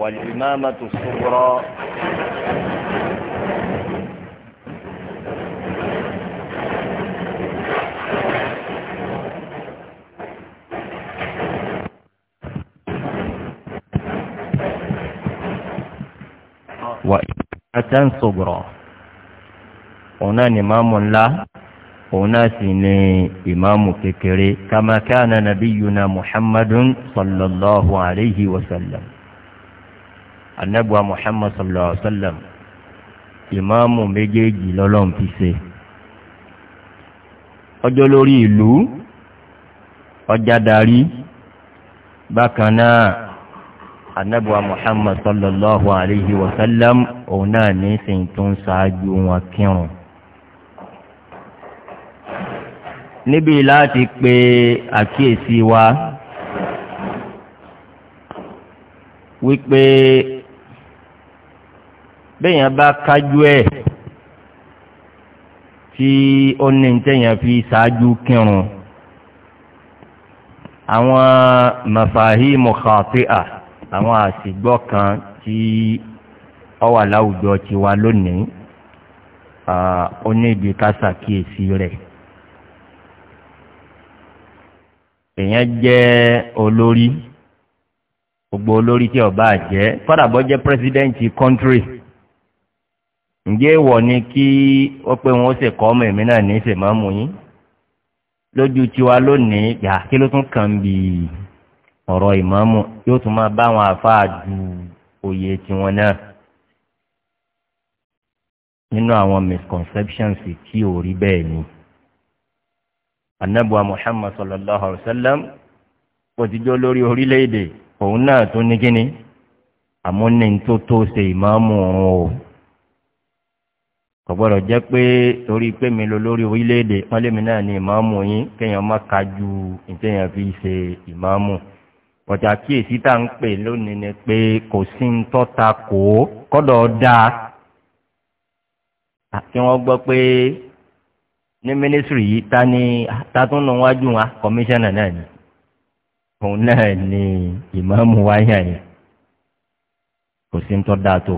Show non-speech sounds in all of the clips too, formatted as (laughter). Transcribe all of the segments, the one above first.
والإمامة الصغرى وإمامة صغرى هنا إمام الله هنا سني إمام ككري كما كان نبينا محمد صلى الله عليه وسلم anabuwa muhammad sallallahu alaihi wa sallam ìmáàmù méjèèjì lọ́lọ́run fi ṣe ọjọ́ lórí ìlú ọjà darí bákan náà anabuwa muhammad sallallahu alaihi wa sallam òun náà ní sìn tó ń ṣáájú wọn kírun. níbi láti pe àkíyèsí wa wípé bẹ́yàn bá kájú ẹ̀ tí ó ní tẹ́yàn fi ṣáájú kírun àwọn màfàhí mọ̀kàtíà àwọn àṣìgbọ́ kan tí ọ wà láwùjọ ti wa lónìí ó ní ibi ká ṣàkíyèsí rẹ̀ èèyàn jẹ́ olórí gbogbo olórí tí ọba jẹ́ kọ́dà jẹ́ pírẹsidẹ́ǹtì kọ́ńtírì ǹjẹ́ ìwọ ni kí ó pé wọn ó sì kọ́ ọmọ èmi náà ní í ṣe máa mú yín lójú tiwa lónìí yà kí ló tún kàn bí ọ̀rọ̀ ìmáàmù yóò tún máa bá àwọn àfáà ju òye tiwọn náà nínú àwọn misconceptions tí ò rí bẹ́ẹ̀ ni anabuwa muhammad sallallahu alaihi wa sallam ó ti jó lórí orílẹ̀-èdè òun náà tún ní kíni àmúni ṣe ìmáàmù òun o kọ̀gbọ́dọ̀ jẹ́ pé torí pé mi lo lórí orílẹ̀-èdè wọ́n lémi náà ni ìmáàmù yín kéèyàn má ka ju ìtẹ̀yàn fi ṣe ìmáàmù ọ̀tà kíyèsí tá ń pè lónìí ni pé kò sí ń tọ́ta kò ó kọ́dọ̀ dáa kí wọ́n gbọ́ pé ní mínísírì yìí ta ni tatúnú wájú wa kọmíṣánná náà ni òun náà ni ìmáàmù wáyà yẹn kò sí ń tọ́ dáa tó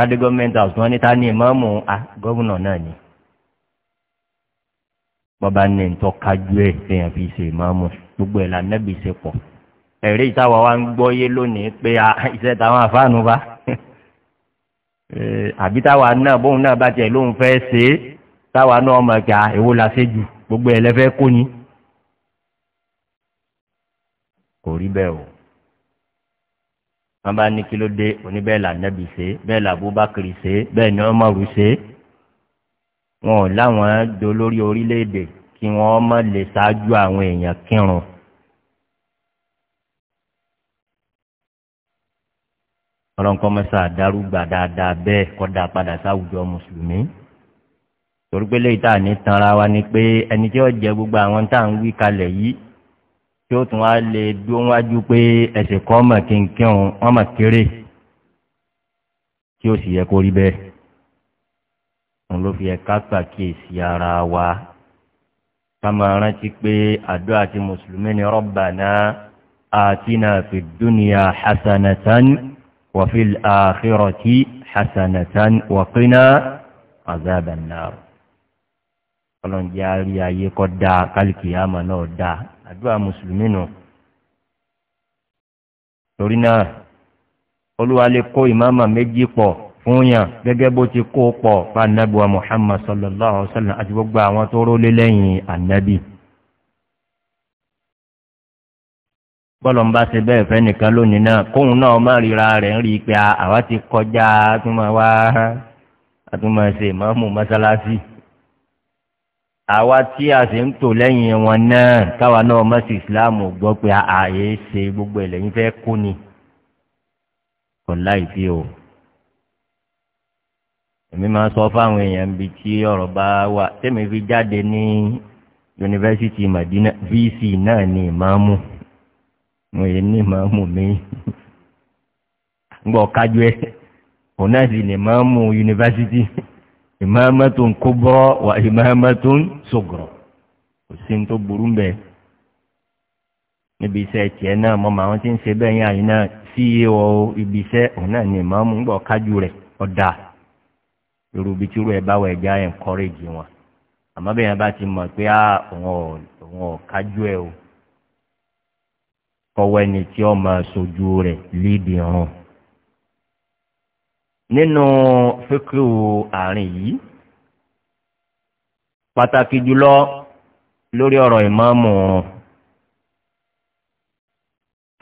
kádé gọ́ọ̀mẹ́ntì house wọn ní ta ni ìmọ̀ọ́mù a gọ́vùnà náà ni bọ́ba ní ntọ́ kájú ẹ̀ fẹ́yàn fi ṣe ìmọ̀ọ́mù gbogbo ẹ̀ là nẹ́bí ṣe pọ̀ ẹ̀rí ìtawà wa ń gbọ́ yé lónìí pé iṣẹ́ táwọn àfáànù bá (laughs) àbí táwa náà bóun náà bá tiẹ̀ lóun fẹ́ ṣe é táwa náà ọmọ ẹ̀ka èwo la ṣe jù gbogbo ẹ̀ kó ni kò rí bẹ́ẹ̀ o wọn bá ní kí ló dé òní bẹ́ẹ̀ là nẹ́bi ṣe bẹ́ẹ̀ là búbákiri ṣe bẹ́ẹ̀ ni ọmọ rù ṣe wọn ò láwọn dolórí orílẹ̀-èdè kí wọ́n mọ̀ lè ṣáájú àwọn èèyàn kírun. ọlọ́nkọ́ mẹ́sà dárúgbà dáadáa bẹ́ẹ̀ kọ́dà padà sáwùjọ mùsùlùmí torí pé léyìí tá à ní tanra wa ni pé ẹni tí ó jẹ gbogbo àwọn tá à ń wí kalẹ̀ yìí tí ó tún wá lè dó wájú pé ẹsẹ̀ kọ́ mọ̀ kínkínrún wọ́n mọ̀ kéré tí ó sì yẹ kó rí bẹ́ẹ̀ òun ló fi ẹ̀ka pàkíyèsí ara wa ká máa rántí pé àdó àti mùsùlùmí ni rọ́bà náà àti náà fi dúnìá hasanatan wàfi àkírọ̀tì hasanatan wàkínà àzábànà ọlọ́njẹ́ àrí ayé kọ́ dáa kálíkì náà dáa àdúrà mùsùlùmí nù. torí náà olúwa lè kó ìmáàmà méjì pọ̀ fún yàn gẹ́gẹ́ bó ti kó pọ̀ fún anábìwá muhammad sallallahu alayhi wa sallam àti gbogbo àwọn tó rólé lẹ́yìn anábì. bọ́lọ̀ ń bá ṣe bẹ́ẹ̀ fẹ́ nìkan lónìí náà kóun náà má ríra rẹ̀ ń rí i pé àwa ti kọjá àtúmọ̀ wá àtúmọ̀ ṣe ìmọ̀ọ́mù mọ́ṣáláṣí àwa tí a sì ń tò lẹ́yìn wọn náà káwa náà mọ́sí ìsìláàmù gbọ́ pé ààyè ṣe gbogbo ẹ̀lẹ́yìn fẹ́ kú ni kò láì fi o èmi máa sọ fáwọn èèyàn bí tí ọ̀rọ̀ bá wà tẹ́mi fi jáde ní yunifásitì madina vc náà ni ìmáàmù mo yẹ ní ìmáàmù mi ń gbọ́ kájú ẹ̀ òun náà sì ni ìmáàmù yunifásitì imamatun kubra wa imamatun sugra kò sí ní tó burú ń bẹ níbi iṣẹ́ tiẹ̀ náà mọ́ màá ti ń ṣe bẹ́ẹ̀ yẹn àyìn náà sí iye ọ ibi iṣẹ́ òun náà ni ìmọ̀ọ́mù ń gbọ́ kájú rẹ̀ ọ̀dà irú ibi tí irú ẹ̀ bá wọ̀ ẹ̀já ẹ̀ńkọ́rẹ́jì wọn àmọ́ bẹ́ẹ̀ yẹn bá ti mọ̀ pé ah, òun ò kájú ẹ̀ o kọ́wọ́ ẹni tí ọ máa sojú rẹ̀ lídìí ọ̀run nínú fíkú àárín yìí pàtàkì jùlọ lórí ọ̀rọ̀ ìmáàmù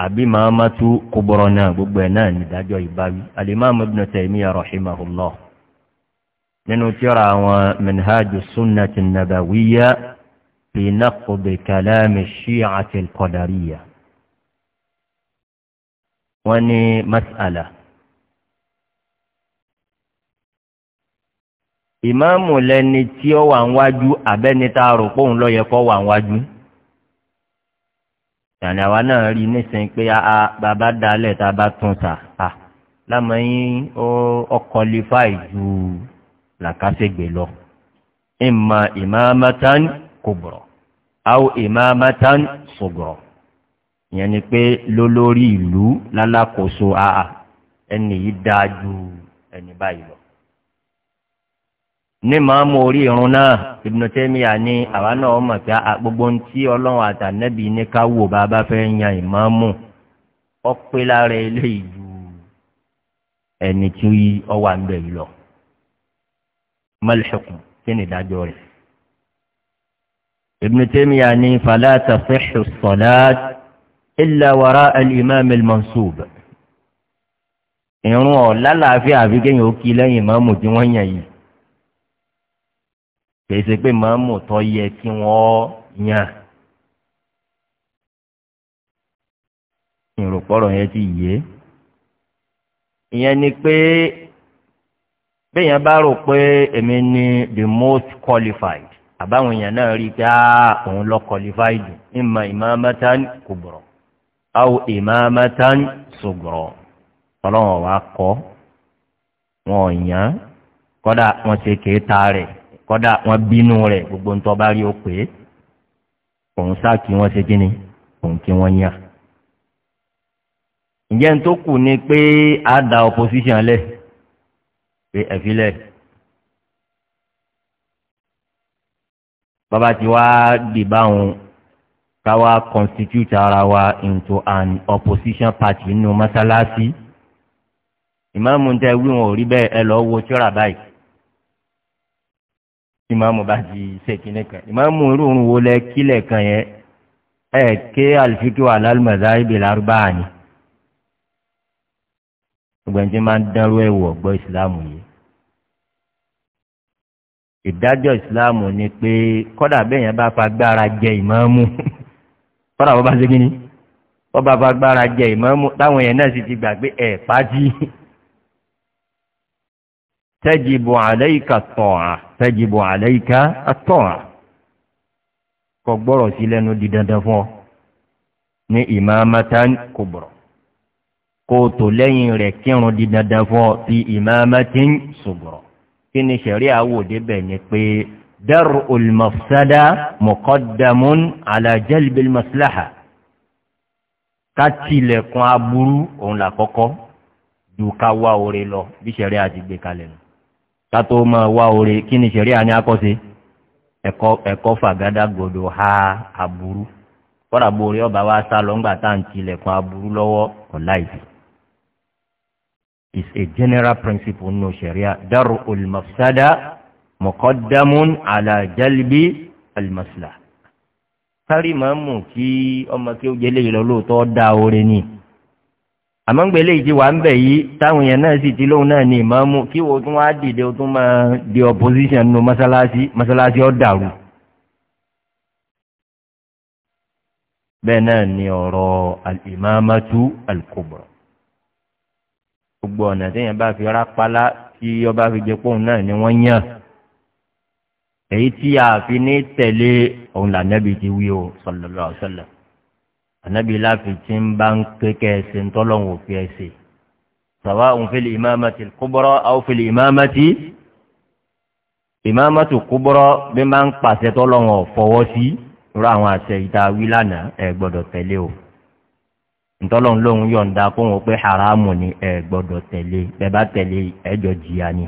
àbí màámátú kúbọ̀rọ̀ náà gbogbo ẹ̀ náà nídájọ́ ìbáwí alimami ibn taymi arahimahulọ nínú tíra àwọn minhaju sunnati nabawiya fi nakubi kalami shi'ati kodariya wọ́n ní mas'ala. ìmáàmù lẹni tí ó wà níwájú àbẹ́ni tá a rò pé òun lọ́yẹ kọ́ wà níwájú. ìyànní àwa náà rí nísìnyí pé a ah, ah, bàbá dalẹ̀ tá a bá tún ta a lámọ̀yìn ọkọ̀ lifáì ju làkàṣègbè lọ. ìmọ̀ ìmáàmátán kò bọ̀rọ̀ àwọn ìmáàmátán sọ̀gọ̀rọ̀ ìyẹn ni pé lólórí ìlú lálákòóso a ah, ẹni yìí dáa ju ẹni báyìí lọ ní màámu orí irun náà ibùdó tẹ́míà ní àwa náà mọ̀ pé gbogbo ń tí ọlọ́run àtànẹ́bì ní ká wò bá bá fẹ́ yan ìmáàmù ọpẹ́ lára eléyìí ju ẹni tí ọwà ń bẹ̀ yìí lọ mọ́lẹ́sẹ̀kùn kí ni ìdájọ́ rẹ̀. ibùdó tẹ́míà ní falata fẹ́ṣù sọ̀dá ilà wàrà alimami mansoub irun ọ̀ lálàáfíà àfi ó kí lẹ́yìn kìí ṣe pé màámù tó yẹ kí wọ́n yàn. ìrùpọ̀rọ̀ yẹn ti yé ìyẹn ni pé béèyàn bá rò pé èmi ni the most qualified àbáwọn èèyàn náà rí i pé ah, òun lọ qualified ìmọ̀ ìmọ̀-amátán kò bọ̀rọ̀ àwọn ìmọ̀-amátán sògbọ̀rọ̀ ọlọ́run wa kọ́ wọn ò yàn kọ́dà wọn ṣe kéé ta rẹ̀ kọ́dà wọn bínú rẹ̀ gbogbo ń tọ́ba rí ó pé òun sá kí wọ́n ṣe kíni òun kí wọ́n yàn. ǹjẹ́ n tó kù ni pé a da opposition lẹ̀ pé ẹ̀fílẹ̀. bàbá tí wàá dìbà òun ká constitute ara wa into an opposition party nínú mọ́sálásí ìmáàmù tẹ wí wọn ò rí bẹ́ẹ̀ ẹ lọ́ọ́ wo tíra báyìí ìmáàmù bá ti ṣe kíní kan ìmáàmù irúurú wo lẹ kílẹ̀ kan yẹn ẹ ké àlùfíkì wà lálùmọ̀dá ibi lárúbá ni ọgbẹ̀njẹ́ máa ń dánrú ẹ̀wù ọ̀gbọ́ ìsìláàmù yìí ìdájọ́ ìsìláàmù ni pé kọ́dà bẹ́yẹn bá fagbára jẹ ìmáàmù (laughs) kọ́dà bọ́ bá ṣe kíní wọ́n bá fagbára jẹ ìmáàmù táwọn yẹn náà sì ti gbà ẹ̀ pàtì. (laughs) tẹ́jìbò àlẹ́ìkà tọ̀ọ̀à tẹ́jìbò àlẹ́ìkà àtọ̀ọ̀à kọ gbọ́rọ̀ sí lẹ́nu di dandan fún ọ ní ìmáàmátán kò bọ̀rọ̀ kó o tò lẹ́yìn rẹ̀ kírun di dandan fún ọ fi ìmáàmátán sòbọ̀rọ̀ kí ni sẹ̀rí àwòdé bẹ̀ ni pé dẹ́rù olùmọ̀fúsádá mọ̀kọ́dàmún alájẹ́lìbẹ̀lìmọ̀síláhà ká tilẹ̀kùn aburú òun làkọ́kọ́ ju ká wá oore lọ bí sẹ̀rí àti gbé kalẹ̀ nù kátó máa wá oore kí ni ṣẹ̀rí àní akọ́sí ẹ̀kọ́ fàgádágodo ha aburú kọ́dà bó orí ọba wa sá lọ ńgbà tá à ń tilẹ̀kùn aburú lọ́wọ́ ọ̀láìsí. is a general principle nínú ṣẹ̀ríà dárò olùmọ̀fisádà mọ̀kọ́dámún àlàjálíbí alimọ̀sílà. kárí màmú kí ọmọ kí ó jẹ́ léyìn lọ lóòótọ́ dá oore ni àmọ́ ń gbélé ìdí wà ń bẹ̀ yìí táwọn èèyàn náà sì ti lóun náà ní ìmọ̀ọ́mú kí wo tún wá dìde o tún máa di opposition nínú mọ́sálásí mọ́sálásí ọ̀ dàrú. bẹ́ẹ̀ náà ni ọ̀rọ̀ alìmọ́mọ́tú alkobro gbogbo ọ̀nà téèyàn bá fi rápálá tí ọba fi jẹ pọ́ùn náà ni wọ́n yàn èyí tí a fi ní tẹ̀lé òun làǹdẹ́bì ti wí o sọ̀lọ́lọ́ sọ̀lọ́ ànábì láfi tí ń bá ń pé kẹ́ẹ̀sì ń tọ́lọ́hún òfin ẹ̀sì sàwa òun fi lè ìmáàmàtì kúbọ́rọ́ àwọn fi lè ìmáàmàtì ìmáàmàtì kúbọ́rọ́ bí máa ń pàṣẹ tọ́lọ́hún ọ̀fọwọ́ sí rú àwọn àṣẹ ìta wí lánàá ẹ̀ gbọ́dọ̀ tẹ̀lé o ntọ́lọ́hún lóhun yọ̀ǹda kó wọn pé haramu ni ẹ̀ gbọ́dọ̀ tẹ̀lé bẹ́ẹ̀ bá tẹ̀lé ẹ̀jọ̀ jìyà ni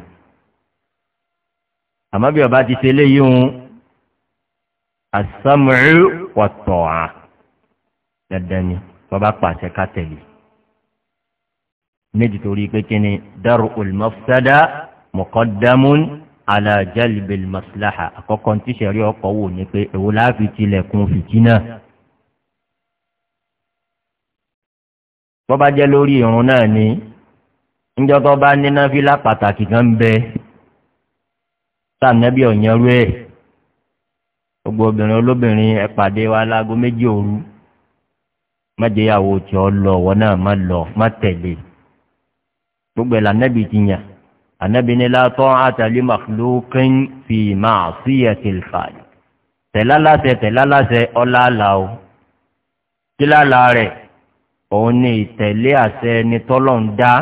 àmọ́ bí ọba ti ṣe léyìí hun àsámùú wàtọ̀ọ̀à dandan ni wọ́n bá pàṣẹ ká tẹ̀lé méjì torí pé kí ni daru olmọ́fẹ́dá mọ̀kọ́dámún alájálibel maslaha àkọ́kọ́ tí sẹ̀rí ọkọ̀ wò ni pé èwo láàfin tilẹ̀kùn fìtínà. bọ́bá jẹ́ lórí irun náà ni ńjọ́tọ́ bá níná fílà pàtàkì kan bẹ sànẹ́bí ọ̀yẹ́rú ẹ̀ gbogbo obìnrin olóbìnrin ẹ̀ pàdé wa láago méjì òru má jẹ́ ìyàwó tí ọ lọ wọn náà má lọ má tẹ̀lé gbogbo ẹ̀ lànàbì ti yàn ànàbì ni látọ́ àtàlí màfúlùkín fi máa sí ẹ̀kẹ́ fàáyì tẹ̀láláṣẹ tẹ̀láláṣẹ ọláàlá o kíláàlá rẹ̀ òun ni ìtẹ̀lé àṣẹ ẹni tọ́lọ̀ dá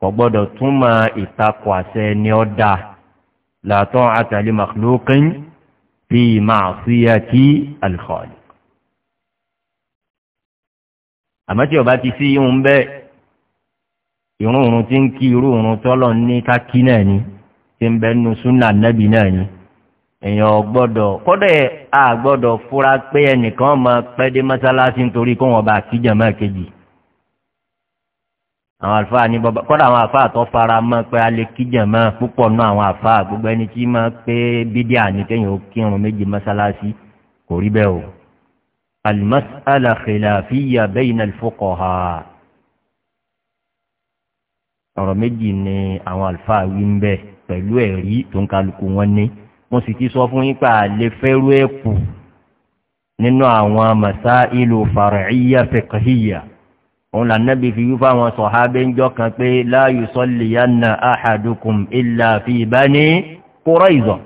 kò gbọ́dọ̀ túmọ̀ ìtakùn àṣẹ ẹni ọ́ dá látọ́ àtàlí màfúlùkín fi máa sí ẹ̀kẹ́ alìkọ́lì àmọ́ tí ọba ti sí ihun bẹ́ẹ̀ irun òrun ti ń kí irú òrun tọ́lọ̀ ní kákí náà ni ti ń bẹnu súnà nẹ́bí náà ni èèyàn gbọ́dọ̀ kọ́dọ̀ a gbọ́dọ̀ fura pé ẹnìkan máa pẹ́ dé mọ́sálásí nítorí kó wọn bá kíjàmá kejì àwọn àlùfáà ní bọ́bá kọ́dọ̀ àwọn àlùfáà tó fara mọ́ pé a lè púpọ̀ náà àwọn àlùfáà gbogbo ẹni tí máa pé bídíà ní kéèyàn ó kírun méjì mọ́sálásí kò rí bẹ́ẹ̀ o. المسألة خلافية بين الفقهاء ọ̀rọ̀ méjì ni àwọn àlùfáà wí ń bẹ̀ pẹ̀lú ẹ̀rí tó ń kálukú wọn ní mo sì ti sọ fún yípa lè fẹ́rú ẹ̀ kù nínú àwọn màsá ìlú fàràíyà fẹ̀kàhíyà òun lànàbí fi wí fáwọn sọ̀hábẹ́ kan pé láàyè sọ́lìyàn náà àhàdùkùn ìlà fi ní kúrọ̀ ìzọ̀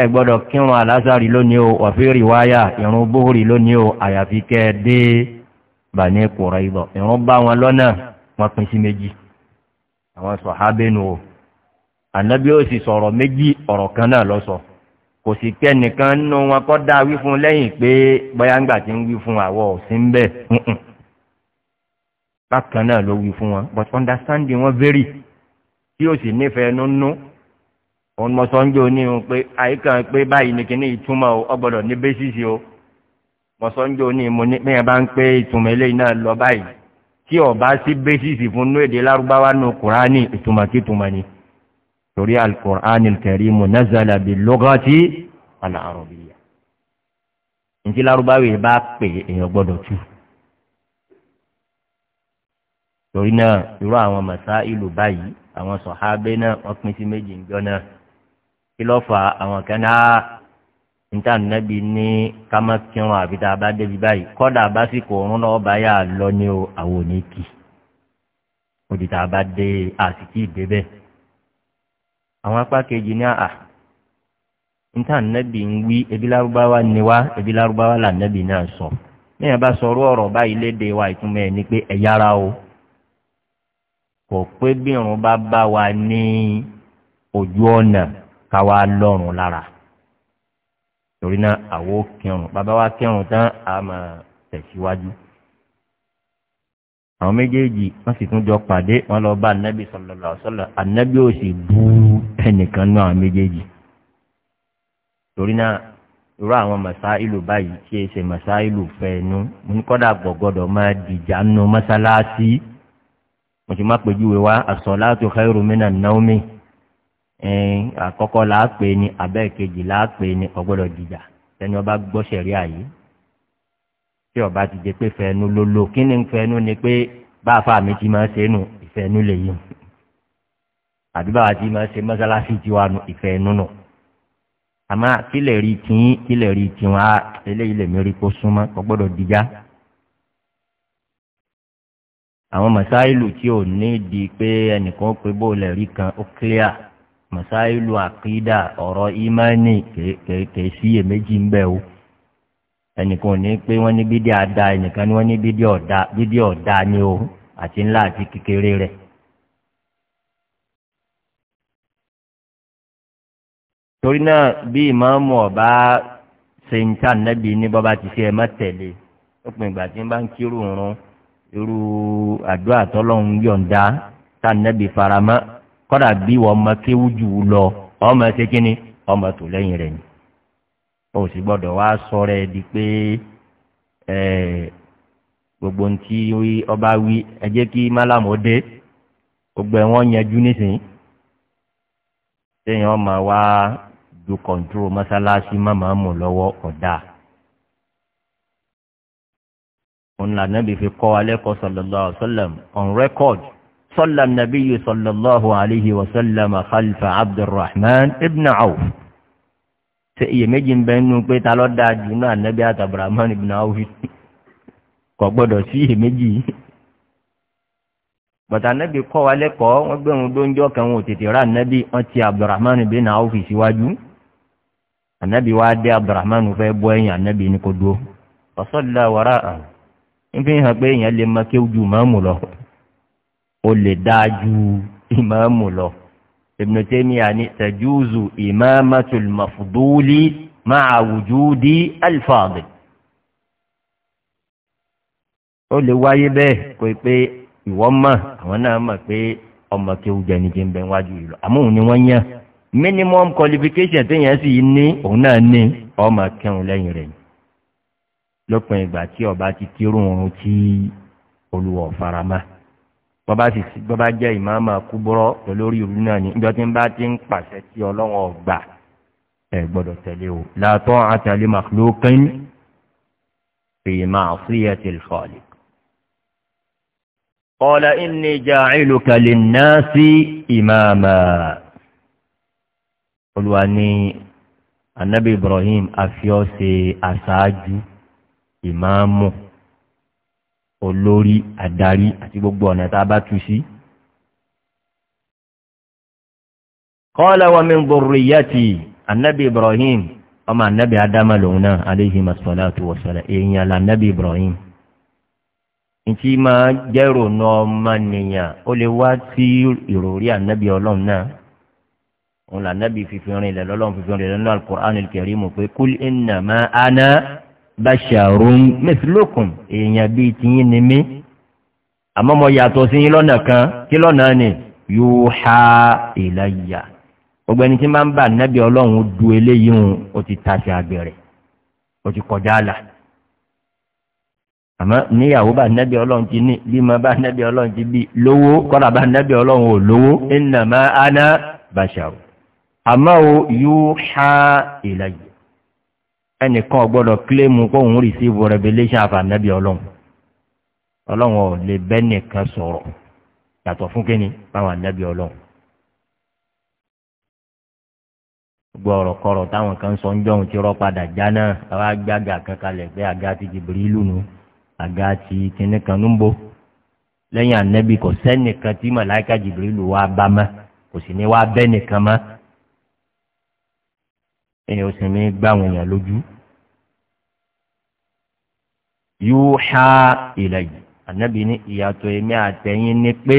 ẹ gbọ́dọ̀ kírun alásàrí lónìí o wàfíìrì wáyà ìrún bóhùrì lónìí o àyàfi kẹ́ ẹ dé bà ní kùrọ̀ ìbọ̀ ìrún bá wọn lọ́nà wọn pín sí méjì àwọn sọ̀hábẹ́nu o ànábí ó sì sọ̀rọ̀ méjì ọ̀rọ̀ kan náà lọ́sọ̀ọ́ kò sì kẹ́ nìkan nínú wọn kọ́ dá wí fún lẹ́yìn pé bóyá ńgbà tí ń wí fún àwọ̀ òsín ń bẹ̀ bákan náà ló wí fún wọn but understanding wọn very tí ó sì nífẹ̀ẹ́ nínú òun mọ sọ ń gbé oníhun pé àyíká pé báyìí ni kíní ìtumọ̀ ọgbọ̀dọ̀ ní bẹ́sìsì o mọ ń gbé oníhun mo ní pé yẹn bá ń pé ìtumọ̀ eléyìí náà lọ báyìí tí ọba sí bẹ́sìsì fún inú èdè lárúbáwá nù kùránì ìtumọ̀ kí ni torí alukur'an kẹrí mu bi lọ́gọ́tì alárọ̀bìyà ntí lárúbáwá yìí bá pè èèyàn gbọ́dọ̀ tù torí náà irú àwọn màsá ìlú báyìí àwọn sọ̀hábẹ́ náà wọ́n pín sí méjì ńjọ́ náà kí fa àwọn kan náà ah, níta nàbí ní ká má kírun àbí tá a bá débi báyìí kọ́dà náà bá yà lọ ní o àwọn òní kì òdì tá a bá dé àsìkí ìdébẹ̀ àwọn apá kejì ní àà ah, níta nàbí ń wí ebi larubawa ni wá ebi larubawa là nàbí náà sọ níyàn bá sọ orú ọ̀rọ̀ báyìí léde wa ìtumọ̀ ẹ̀ ni pé ẹ̀ yára o kò pé bí irun bá bá wa ní ojú ọ̀nà káwa lọ́rùn lára torí náà àwo kírun bàbá wa kírun tán a máa tẹ̀síwájú. àwọn méjèèjì wọ́n sì tún jọ pàdé wọ́n lọ bá anabi sọlọ́lá sọlọ́ anabi ò sì bú ẹnìkan náà àwọn méjèèjì. torí náà irú àwọn màsáìlù báyìí tí èsè màsáìlù fẹ́ẹ́nu mo ní kọ́dà gbọ̀gbọ́dọ̀ máa dìjà nu mọ́sálásí mo sì má pèjúwe wa àsọ̀lá tó xẹ́rù mí nà mi ẹ̀ẹ́n àkọ́kọ́ là á pè ní abẹ́ẹ̀kejì là á pè ní ọgbọ́dọ̀ dìjà ẹni ọba gbọ́ sẹ̀rí àyè tí ọba ti jẹ pé fẹnu ló lò kí ni fẹnu ni pé bá a fa mi ti máa ṣe nù ìfẹnu lè yùn àbí bá a ti máa ṣe mọ́sálásí tiwa nù ìfẹnu nù àmọ́ kí lè rí tìyín kí lè rí tiwọn á eléyìí lè mérí kó súnmọ́ ọgbọ́dọ̀ dìjà àwọn mọ̀sáìlù tí ò ní di pé ẹnìkan pé bó lè rí kan ó clear. masáìlú àkídà ọ̀rọ̀ ìmánì kèé sí èméjì ń bẹ̀ o ẹnìkan ní pé wọ́n ní bídí àdá ẹnìkan ni wọ́n ní bídí ọ̀dá ni o àti ńlá àti kékeré rẹ̀. torí náà bí ìmáàmù ọ̀bá ṣe ń tà nẹ́bí ní ti ṣe ẹ má tẹ̀lé ó pin ìgbà tí ń bá ń kírun irú àdúrà kọ́dà bí wọ́n mọ kéwú jù ú lọ ọmọ ṣe kínní ọmọ tò lẹ́yìn rẹ̀ ni o sì gbọ́dọ̀ wá sọ̀rọ̀ ẹ di pé gbogbo ntí ọba wí ẹ jẹ́ kí málàmù ó dé gbogbo ẹ̀ wọ́n yanjú nísìnyí téèyàn máa wá ju kọ̀ǹtúrò mọ́sálásí máma mú lọ́wọ́ ọ̀dà. òun lànà bí fi kọ́ alẹ́kọ̀ọ́ sọ̀lọ́lọ́ ọ̀sọ́lẹ̀m on record صلى النبي صلى الله عليه وسلم خلف عبد الرحمن ابن عوف سيئ مجن بينه بيت على الدعجين النبي عبد الرحمن ابن عوف kọ̀gbọ́dọ̀ sí èméjì yìí bàtà nẹ́bí kọ́ wa lẹ́kọ̀ọ́ wọ́n gbẹ̀rún lóúnjọ́ kan wọn ò tètè rà nẹ́bí wọn ti abdulrahman bin awfi síwájú ànẹ́bí wa dé abdulrahman fẹ́ bọ́ ẹ̀yìn ànẹ́bí ní kò dúró ọ̀sọ́dúnlá wàrà à ń fi hàn pé èèyàn lè máa kéwù ju màmú lọ ó lè dáa ju ìmáàmù lọ ibùdó tẹ́mi àní tẹ̀júùzù ìmáàmàtul mafudúlì máa wùjúdí alfaadì. ó lè wáyé bẹ́ẹ̀ kó pé ìwọ́n mọ̀ àwọn náà mọ̀ pé ọmọ kéwù jẹnijẹ ń bẹ wájú yìí lọ àmọ́ òun ni wọ́n yàn minimum qualification téèyàn sì ní òun náà ní ọmọ kẹrùn lẹ́yìn rẹ̀ lópin ìgbà tí ọba ti kírun ohun tí olùwọ̀ farama bọ́bá sì sí bọ́bá jẹ́ ìmáàmà kúbọ́rọ́ lórí ìlú náà ní ìjọ tí ń bá ti ń pàṣẹ tí ọlọ́wọ́n ọgbà ẹ̀ gbọ́dọ̀ tẹ̀lé o látọ́ àtàlẹ́ màkúlókín fèèmà àfíyẹ́ ti fọ́ọ̀lì. قال إني جاعلك للناس إماما قلوا أني النبي إبراهيم أفيوسي أساجي إمامه olórí adarí àti gbogbo ọ̀nà tá a bá tu sí. kọ́lá wa mi ń gbòòrò ìyá ti anabi ibrahim ọmọ anabi adama lòun náà aleyhi masalatu wasala èèyàn la anabi ibrahim. ntí máa jẹ́rò ná ọmọ nìyàn ó lè wá sí ìròrí anabi ọlọ́run náà òun là anabi fífi rìn lẹ́lọ́lọ́run fífi rìn lẹ́nu alukur'an kẹrìmù pé kúl iná máa ana basharun mithlukum èèyàn bíi tiyín ni mí àmọ́ mo yàtọ̀ sí yín lọ́nà kan kí lọ́nà ni yuha ilayya gbogbo ẹni tí máa ń bá nábì ọlọ́run du eléyìí hun ó ti tàṣe àgbẹ̀rẹ̀ ó ti kọjá àlà àmọ́ níyàwó bá nábì ọlọ́run ti ní bí mo bá nábì ọlọ́run ti bí lówó kọ́dà bá nábì ọlọ́run ò lówó innama ana basharu àmọ́ o yuha ilayya. ẹnìkan ọgbọ́dọ̀ kílẹ̀mù kóhun rìsíìvù revelation àfànẹ́bí ọlọ́run ọlọ́run ò lè bẹ́ nìkan sọ̀rọ̀ yàtọ̀ fún kíni báwọn ànẹ́bí ọlọ́run. gbogbo kan sọ ń padà já náà gbàgà ti wa bá mọ́ kò sì ní yóò ha ilẹ̀ yìí ànábì ní ìyàtọ̀ èmi àtẹ̀yìn ni pé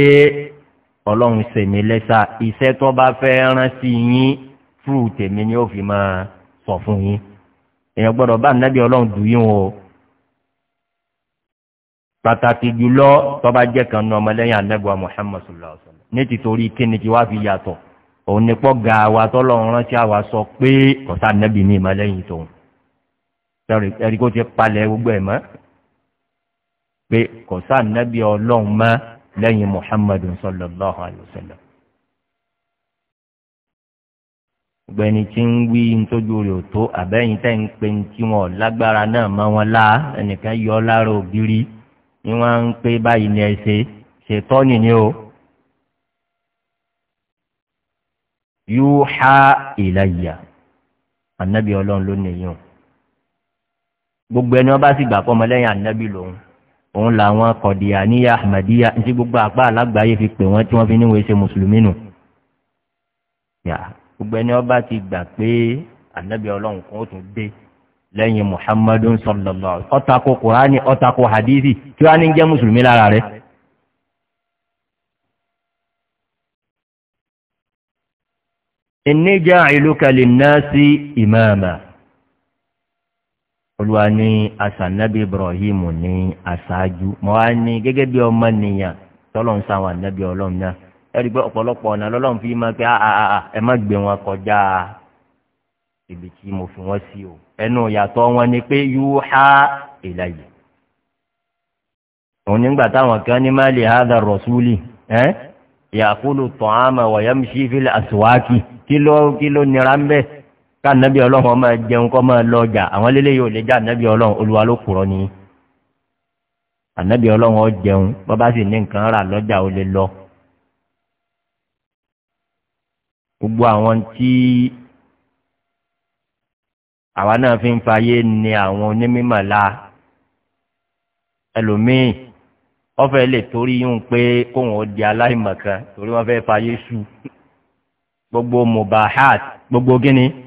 ọlọ́run sèmi lẹ́sà iṣẹ́ tó bá fẹ́ rán sí yín fúrù tèmi ni ó fi máa sọ fún yín èèyàn gbọ́dọ̀ bá ànábì ọlọ́run dùn yín o pàtàkì jùlọ tọ́ba jẹ́ kan ní ọmọlẹ́yìn ànábì wa muhammed sallallahu alaihi wa sallam ní tìtorí kíni tí wàá fi yàtọ̀ òun ni pọ́ ga wa tọ́lọ́run rántí àwa sọ pé kọ́sá ànábì ní ìmọ̀lẹ́yìn tòun ẹ̀rí kó ti palẹ̀ gbogbo ẹ̀ mọ́ pé kò sáà nẹ́bí ọlọ́run mọ́ lẹ́yìn muhammadu sallallahu alayhi wa sallam. gbẹ̀ni tí ń wí ntójú rẹ̀ tó àbẹ́yìn tẹ́ ń pe tí wọn lágbára náà mọ́ wọn lá ẹnìkan yọ lára ògiri ni wọ́n ń pé báyìí ni ẹ ṣe ṣètọ́ nìyí o. yúhá ìlàyà ànábì ọlọ́run ló nìyí o gbogbo ẹni wọn bá sì gbà pọ́ ọmọlẹ́yìn ànábì lòun òun làwọn kọ̀dìyà níyà ahmadiyya ní gbogbo àpá alágbàáyé fi pè wọ́n tí wọ́n fi níwèé ṣe mùsùlùmí nù. gbogbo ẹni ọba ti gbà pé anabi ọlọ́run kan ó tún dé lẹ́yìn muhammadu sọlọ́lọ́ ọ̀tako kùránì ọ̀tako hadithi tí wọ́n á ní jẹ́ mùsùlùmí lára rẹ̀. ìníjà ìlú kalẹ̀ ìmáàmà olùwà ní asànàbí ibrahim ní aṣáájú mọ wá ní gẹgẹ bí ọmọ nìyàn tọlọrun sáwọn ànàbí ọlọrun náà ẹrí pé ọpọlọpọ ọ̀nà lọlọrun fi máa pé ah, ah, ah, ẹ má gbé wọn kọjá ibi tí mo fi wọn sí o ẹnu yàtọ wọn ni pé yóò há ìlàyé òun nígbà táwọn kan ní má lè hádà rọ̀súlì ẹ yàkúlù tọ́ àmà wọ̀yẹ́mùsí fílẹ̀ àṣùwákì kí ló nira ń bẹ́ẹ̀ ká nàbí ọlọ́run ọmọ jẹun kọ́ máa lọ ọjà àwọn lélẹ́ yóò lè já nàbí ọlọ́run olúwa ló kùrọ̀ ni ànàbí ọlọ́run ọ jẹun bọ́ bá sì ní nǹkan rà lọ́jà ó lè lọ. gbogbo àwọn tí àwa náà fi ń fayé ni àwọn onímọ̀lá ẹlòmíì wọ́n fẹ́ lè torí yún pé kóun ó di aláìmọ̀kan torí wọ́n fẹ́ fayé su gbogbo mubahat gbogbo gíní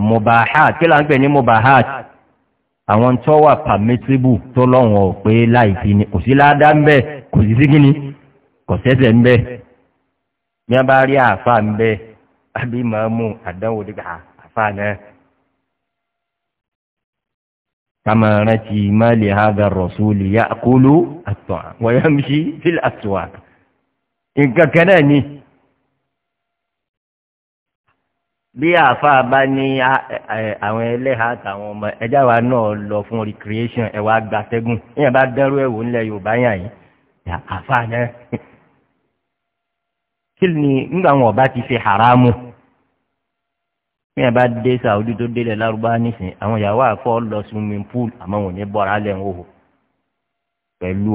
mubahat kí là ń pè ní mubahat àwọn tó wà permissible tó lọ́wọ́n ò pé láìsí ni kò sí ládá ń bẹ́ kò sí sí kíni kò sẹ́sẹ̀ ń bẹ́ ní a bá rí àáfà ń bẹ́ àbí màámu àdánwò dígbà àáfà náà kama rántí máàlì hàdà rọ̀súlì yá àkóló àtọ̀ wọ́n yá ń ṣí sílẹ̀ àtọ̀ nǹkan kan náà ni. bí àáfàá bá ní àwọn ẹlẹ́ha àtàwọn ọmọ ẹjá wa náà lọ fún recreation ẹ̀wà gbàtẹ́gùn yẹn bá dẹ́rú ẹ̀wò ńlẹ̀ yorùbá yàn yìí àáfàá náà (laughs) kí ni nígbà wọn ọba ti ṣe haramu yẹn bá dé sàwùdí tó délẹ̀ lárúbá nísìn àwọn ìyàwó àfọ́ lọ swimming pool àmọ́ wọn ní bọ́ra lẹ̀ ń wò pẹ̀lú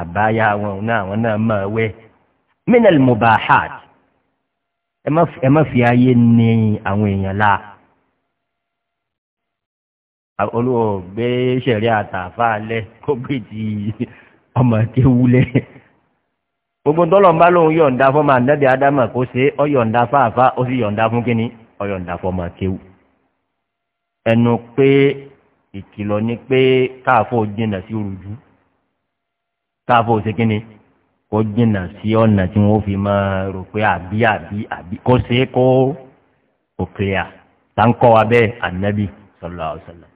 àbáyá wọn náà wọn náà máa wẹ̀ minal mubahat ẹ má fi ayé ní àwọn èèyàn la olùwọ̀ gbé sẹ̀rí àtàfà alẹ́ kó gbé ti ọmọ kéwulẹ̀ gbogbo tọ́lọ̀ ń bá lóun yọ̀ǹda fọ́mọ ànábì ádámà kó ṣe ọ yọ̀ǹda fáàfá ó sì yọ̀ǹda fún kínní ọ fọ́mọ kéwù ẹnu pé ìkìlọ̀ ni pé káàfó jìnnà sí rújú káàfó ṣe kínní. kó jìnnà sí ọ̀nà tí wọ́n fi máa rò pé àbí àbí àbí kó ṣe é kó òkèèyà tá ń wa bẹ́ẹ̀ ànábì sọlọ àwòsàlà.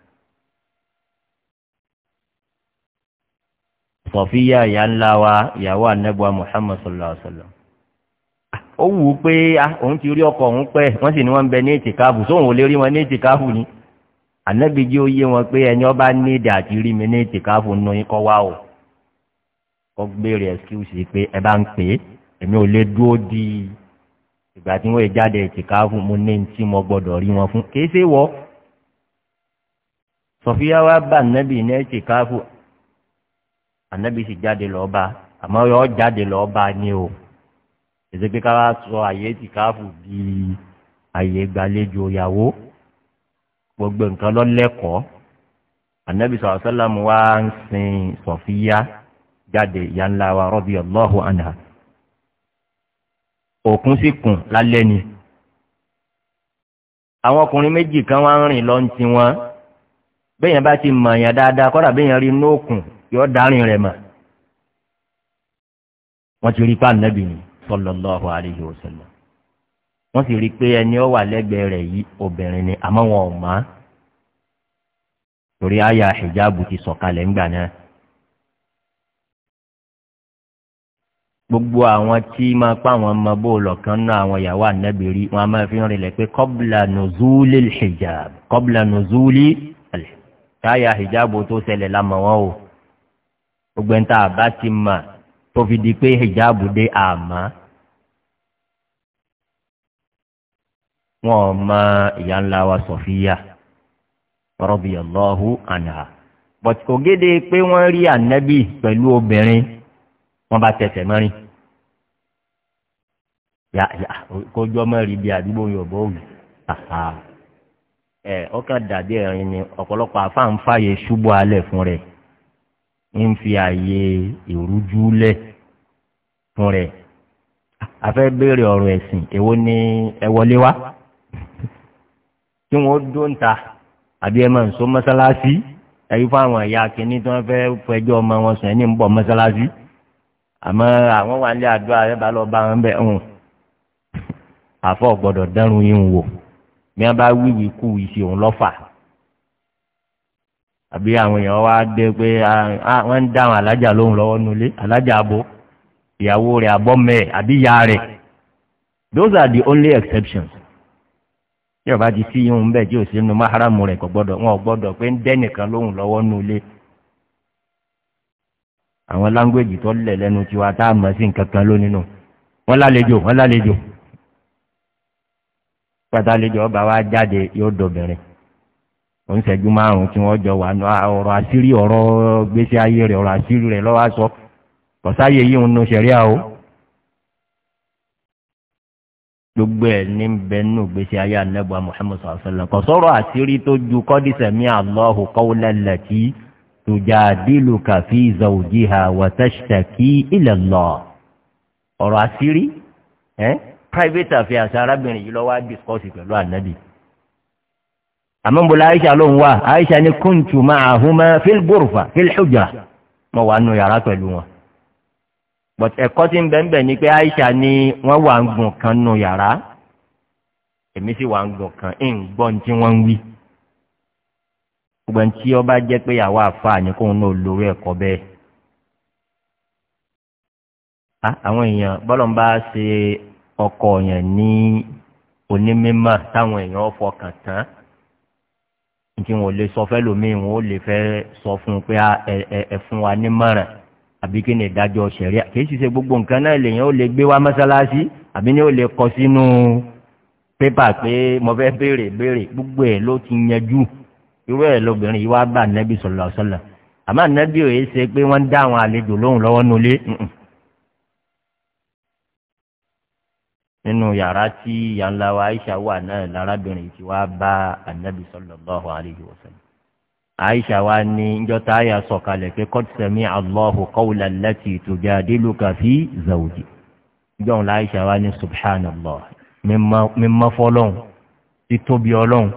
sọfíyà ìyá ńlá wa ìyàwó ànábì muhammad sọlọ ó wù ú pé ah, òun ti rí ọkọ òun pẹ́ wọ́n sì ni wọ́n ń bẹ ní so sóun ò wọn ní ètìkáàbù ni ànábì jí ó yé wọn pé ẹni ọba ní èdè àti rí mi ní ètìkáàbù kọ́ gbére excuse pé ẹ bá ń pè é èmi ò lè dúró di ìgbà tí wọ́n jáde ìtìkáfù mo ní tí mo gbọ́dọ̀ rí wọn fún kìí ṣe wọ́ sọfíà wa bá ànábì ní ìtìkáfù ànábì sì jáde lọ́ọ́ bá àmọ́ yọ jáde lọ́ọ́ bá ni o èsì pé ká wá sọ àyè ìtìkáfù di àyè ìgbàlejò ìyàwó gbogbo nǹkan lọ́lẹ́kọ̀ọ́ ànábì sọ̀rọ̀ sọ́lámù wa ń sin sọfíà. So jáde ìyá ńlá wa rọ́bì ọlọ́hu àná òkun sì kùn lálẹ́ ni àwọn ọkùnrin méjì kan lọ ń ti wọn yẹn bá ti mọ̀ yẹn dáadáa kọ́dà bẹ́yẹn rí inú òkun yóò dárin rẹ̀ mọ̀ wọ́n ti rí pa nẹ́bì ni sọlọ́lọ́hu àríyí i pé ẹni wà lẹ́gbẹ̀ẹ́ rẹ̀ yìí obìnrin ni àmọ́ wọn ò mọ̀ á torí àyà ti sọ̀kalẹ̀ ńgbà gbogbo àwọn tí máa pa àwọn ọmọ bóòlù ọ̀kan náà àwọn ìyàwó ànábì rí wọn a máa fi rìnlẹ̀ pé kọ́bùlà nùzúlì hijab kọ́bùlà nùzúlì táyà hijab tó ṣẹlẹ̀ lámọ̀ wọn o gbogbo ẹ̀ńtà àbá ti mà tó fi di pé hijab dé àmọ́. wọn ò mọ ìyá ńlá wa sọfíà rọ́bì ọlọ́hu àná bọ̀t ògede pé wọ́n rí ànábì pẹ̀lú obìnrin wọ́n bá tẹsẹ̀ ya ya yà kójọ́ mọ́rin bíi àdúgbò yorùbá òwì àhà ẹ ọkàn dàbí ẹ̀rín ni ọ̀pọ̀lọpọ̀ àfáǹfààyè ṣubú alẹ̀ fún rẹ̀ ń fi àyè ìrújú lẹ̀ fún rẹ̀ àfẹ́ béèrè ọ̀rọ̀ ẹ̀sìn èwo ni ẹ wọlé wá tí wọ́n dún ta àbí ẹ máa ń so mọ́sálásí ẹ̀yí fún àwọn ẹ̀yà kìíní tí wọ́n fẹ́ fẹjọ́ ọmọ wọn sùn ẹni ń bọ̀ mọ́sálásí àmọ́ àwọn wà nílé àdúrà rẹ̀ bá lọ bá wọn bẹ̀ ń àfọ̀ gbọ́dọ̀ dẹ́rùn yín wò bí wọ́n bá wíwì kú ìṣe òun lọ́fà àbí àwọn èèyàn wá dé pé ah, ah, wọ́n ń dáhùn alájà lóhùn lọ́wọ́ nulẹ̀ alájà abo ìyàwó rẹ̀ abọ́mẹ́ àbí ìyá rẹ̀ those are the only exceptions tí ọba ti sí ihun bẹ́ẹ̀ tí ò sí nínú máhàrámù rẹ̀ kò gbọ́dọ̀ wọn ò gbọ́dọ̀ pé ń dẹ́nìkan lóhùn lọ́wọ́ nulẹ̀ àwọn láńgbèjì tó lẹ̀ lẹ́nu tiwa tá a mọ̀ sí nǹkan kan lónìí nù wọ́n lálejò wọ́n lálejò pàtàlejò ọba wa jáde yóò dọ̀bẹ̀rẹ̀ òun ṣẹ́jú márùn-ún tí wọ́n jọ wà nù ọ̀rọ̀ àṣírí ọ̀rọ̀ gbèsè ayé rẹ̀ ọ̀rọ̀ àṣírí rẹ̀ lọ́wọ́ aṣọ kọ̀sáyé yìí ń nu sẹ̀ríà o gbogbo ẹ̀ ní bẹnu gbèsè ayé anábọ̀ muhammed sọ̀rọ̀ kọ̀sọ́rọ̀ àṣírí tó ju kọ́dísẹ̀mí àlọ́hùn tùjàdìlùkà fi zàwùjìhà wàtàṣìtàkì ilẹ̀ lọ. ọ̀rọ̀ àṣírí ẹ́ private affairs arábìnrin yìí lọ́wọ́ á discuss pẹ̀lú ànábì. àmọ́ bọ́lá aisha ló ń wá aisha ní kúntù máa húnmọ́ fílgòrfà fílhùjà mọ̀ wá nù yàrá pẹ̀lú wọn. but ẹ̀kọ́ tí ń bẹ̀ ń bẹ̀ ni pé aisha ní wọ́n wà ń gùn kan nù yàrá èmi sì wà ń gùn kan ń gbọ́n tí wọ́n ń wí gbogbo ntí ọba jẹ pé yàwó àfa ni kóun náà lórí ẹkọ bẹẹ àwọn èèyàn bọ́lọ̀ ń bá ṣe ọkọ yẹn ní onímọ̀ táwọn èèyàn fọkàn tán nítí wọn ò lè sọ fẹ́lòmíì wọn ò lè fẹ́ sọ fún un pé ẹ fún wa nímọ̀ràn àbí kí ni ìdájọ́ ṣẹ̀rí kìí sì gbogbo nǹkan náà lèèyàn ò lè gbé wá mọ́ṣáláṣí àbí ni ò lè kọ sínú pépà pé mo fẹ́ béèrè béèrè gbogbo ẹ̀ ló ti yanjú irú ẹ̀ lóbìnrin yìí wá bá nẹ́bí sọ̀lọ̀ sọ̀lọ̀ àmọ́ nẹ́bí ò yé ṣe pé wọ́n ń dá àwọn àlejò lóhùn lọ́wọ́ nulẹ̀ nínú yàrá tí yanlawa aisha wà náà lárábìnrin tí wàá bá anabi sọlọ́lọ́hu alayhi wa sallam aisha wa ní njọ́ta aya sọ̀kalẹ̀ pé kọ́tùsẹ̀mí allahu kọ́wùlà lẹ́tì tùjà délùkà fi zawùjì njọ́hùn la aisha wa ní subhanallah mímọ́ fọlọ́hùn títóbi ọlọ́hùn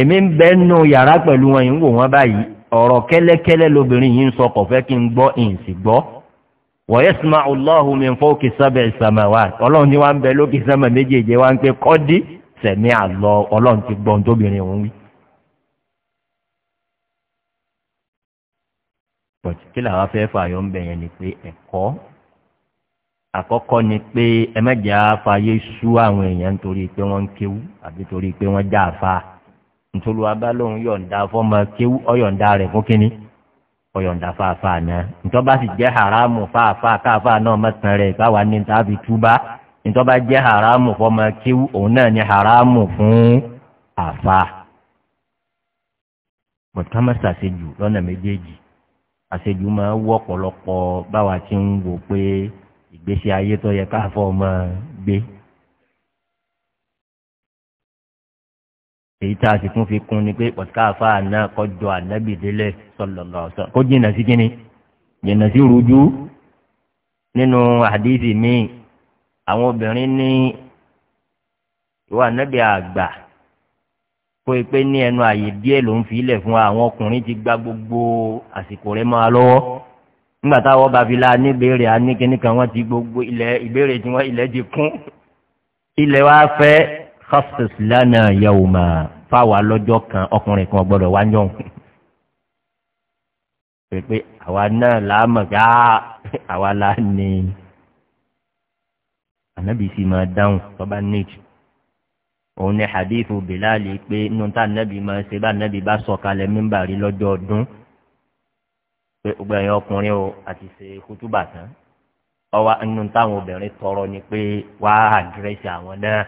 èmi ń bẹ́ nù yàrá pẹ̀lú wọn yìí wọn wò wọ́n báyìí ọ̀rọ̀ kẹ́lẹ́kẹ́lẹ́ lobìnrin yìí ń sọ kọ̀ fẹ́ kí n gbọ́ ìǹsì gbọ́ wọ̀nyẹ́ sùnmọ́ ọlọ́hùn mi fọ́ òkè sábẹ̀ ìsàmà wa ọlọ́run ni sẹ̀mí àlọ́ ọlọ́run ti gbọ́ tóbìnrin òun wí. ni pé ẹ̀kọ́ àkọ́kọ́ ni pé ẹ àwọn ntolu abalóhun yọ̀ǹda fọ́mọ kéwú ọ̀yọ̀ǹda rẹ̀ fún kínní ọ̀yọ̀ǹda fàáfà náà ntọ́ba sì jẹ́ haramu fàáfà káfà náà mẹ́sàn-án rẹ̀ káwa ní tàbí túbá ntọ́ba jẹ́ haramu fọ́mọ kéwú òun náà ní haramu fún àfà. mọ̀tàmásà àṣejù lọ́nà méjèèjì àṣejù máa wọ́ ọ̀pọ̀lọpọ̀ báwa ti ń wò pé ìgbésí ayé tó yẹ káfọ́ ọmọ gbé èyí tá a sì tún fi kún ni pé pọ̀tíkàfà náà kọjọ ànábì délẹ̀ sọlọ̀lọ̀ sọ kó jìnnà sí kíni jìnnà sí rújú nínú àdìsí míì àwọn obìnrin ní ìwà ànábì àgbà kó ipe ní ẹnu àyè díẹ̀ ló ń fi ilẹ̀ fún wa àwọn ọkùnrin ti gba gbogbo àsìkò rẹ̀ máa lọ́wọ́ nígbà táwọn bá fi la níbèrè aníkíníkan wọn ti gbogbo ilẹ̀ ìbéèrè tiwọn ilẹ̀ ti kún ilẹ̀ wa fẹ́ẹ́ kọ́sìs lánàá yẹ̀wò mà fáwa lọ́jọ́ kan ọkùnrin kan gbọ́dọ̀ wá yàn. pé pé àwa náà là á mọ̀ pé ah, àwa là ànábì sì máa dáhùn tọ́ba níjì. òun ni hadithu bilali pé inú tá ànábì máa ṣe bá ànábì bá sọ̀kalẹ̀ mímbàrí lọ́jọ́ ọdún. pé gbogbo ẹ̀yin ọkùnrin o àti ṣe kútúbà tán. ọwọ́ inú táwọn obìnrin tọrọ ni pé wàá àdírẹ́sì àwọn náà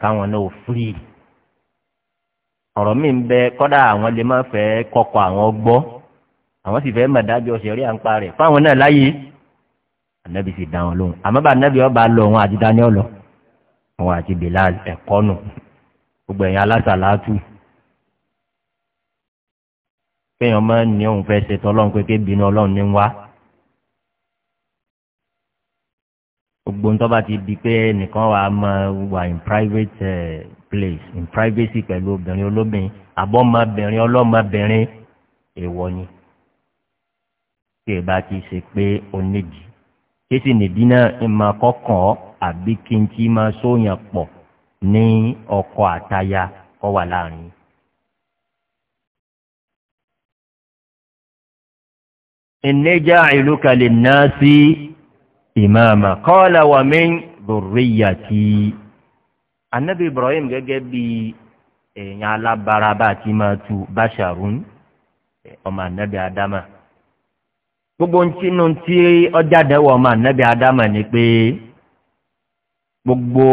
káwọn náà fúri ọ̀rọ̀ mi ń bẹ kọ́dà àwọn lè má fẹ́ kọkọ̀ àwọn gbọ́ àwọn sì fẹ́ mọ̀dájọ́ ṣẹ̀rí à ń pa rẹ̀ fáwọn náà láyé ànábì sì dá wọn lóhùn àmọ́ bá ànábì ọba lọ òun àti daniel lọ òun àti bilal ẹ̀kọ́ nù gbogbo ẹ̀yìn alásàlátù kéèyàn máa ń ní òun fẹ́ ṣe tọ́lọ́run pé kébìnrin ọlọ́run ní wá gbogbo ń tọ́ba ti di pé nìkan wàá máa wà in private uh, place in privacy pẹ̀lú obìnrin olóbìnrin àbọ̀mọbìnrin ọlọ́mọbìnrin èèwọ̀ ni tí ìbá ti ṣe pé o nídìí kí sì nídìí náà ìmọ̀ kọ́kàn àbí kí n ti máa sóyàn pọ̀ ní ọkọ̀ àtaya kọ́ wà láàrin. ìnẹ́jà ìlú kalẹ̀ náà sí ìmáàmà kọ́ọ̀lá wà mí bòríyà tí anabi ibrahim gẹ́gẹ́ bí èèyàn alábaraba àti máa tu basharun ọmọ anabi adama gbogbo ntí nu ntí ọjà dẹwọ ọmọ anabi adama ni pé gbogbo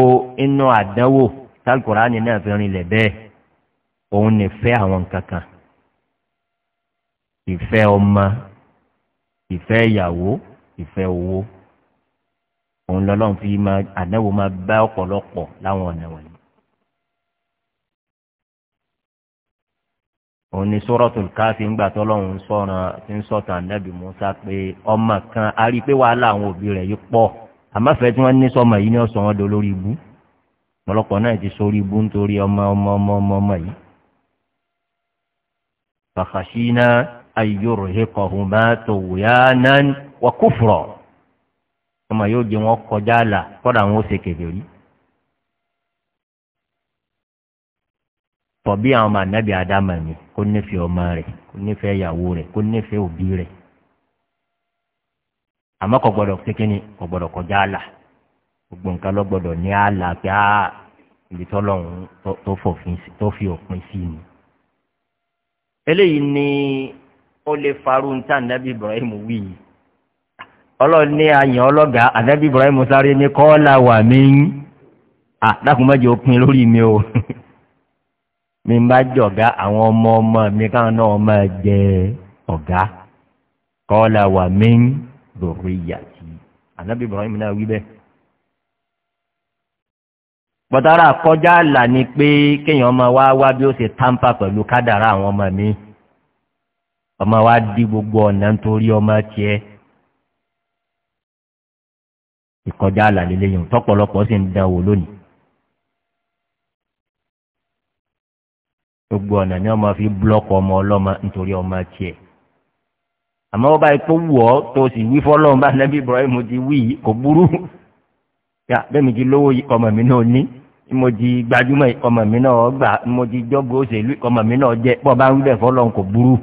inú àdánwò tálkùránì náà fi rinlẹ̀ bẹ́ẹ̀ òun nífẹ̀ẹ́ àwọn kankan ìfẹ́ ọmọ ìfẹ́ ìyàwó ìfẹ́ owó òun lọ́lọ́run fi máa àdáwò máa bá ọ̀pọ̀lọpọ̀ láwọn ọ̀nà wọ̀nyí. òun ni sọ́rọ́tò káfí ń gbà tọ́lọ́run sọ̀rọ̀ tí ń sọ̀tàn ànábì musa pé ọmọ kan a rí i pé wàhálà àwọn òbí rẹ̀ yìí pọ̀ àmọ́fẹ́ tí wọ́n ní sọmọ yìí ni ó sọ wọ́n do lórí ibú ọ̀pọ̀lọpọ̀ náà ti sórí ibú nítorí ọmọ ọmọ ọmọ ọmọ ọmọ yìí. fàkàṣínà ayọ̀rọ̀ ẹ̀kọ́ ọ̀hún bá ọmọ yóò di wọn kọjá àlà kọ́dà wọn ó ṣe kékeré. tọ̀bí àwọn ọmọ ànábì àdámà ni kó nífẹ̀ẹ́ ọmọ rẹ kó nífẹ̀ẹ́ ìyàwó rẹ kó nífẹ̀ẹ́ òbí rẹ kò kò kọjá àlà gbogbo nǹkan ló ní àlà ibi tó fi òpin sí ni. eléyìí ni ó lè farú ọlọ́run ní ayàn ọlọ́gà àdẹ́bí ibrahim sáré ní kọ́ọ́lá wà mí ń àdákùn mẹ́jọ òpin lórí mi o (laughs) mi bá jọ̀gá àwọn ọmọ ọmọ mi káwọn náà máa jẹ ọ̀gá kọ́ọ́lá wà mí ń lórí yàtí àdẹ́bí ibrahim náà wí bẹ́ẹ̀. pọ̀tara kọjá àlà ni pé kéèyàn máa wá wá bí ó ṣe táǹpà pẹ̀lú kádàrá àwọn ọmọ mi ọmọ wa di gbogbo ọ̀nà nítorí ọmọ tiẹ̀ ìkọjá àlàlé lẹ́yìn tọ́pọ̀lọpọ̀ sì ń dán wò lónìí. gbogbo ọ̀nà ni wọ́n máa fi búlọ́ọ̀kì ọmọ ọlọ́mọ nítorí ọmọ tiẹ̀. àmọ́ wọ́n bá ipò wù ọ́ tó sì wí fọ́lọ́run bá nẹ́bí ibrahim ti wí yìí kò burú. yà bẹ́ẹ̀ni ti lówó ọmọ mi náà ní mo ti gbajúmọ̀ ọmọ mi náà gbà mo ti jọ́bù òṣèlú ọmọ mi náà jẹ́ pọ̀ bá ń bẹ̀ fọ́lọ́run kò burú.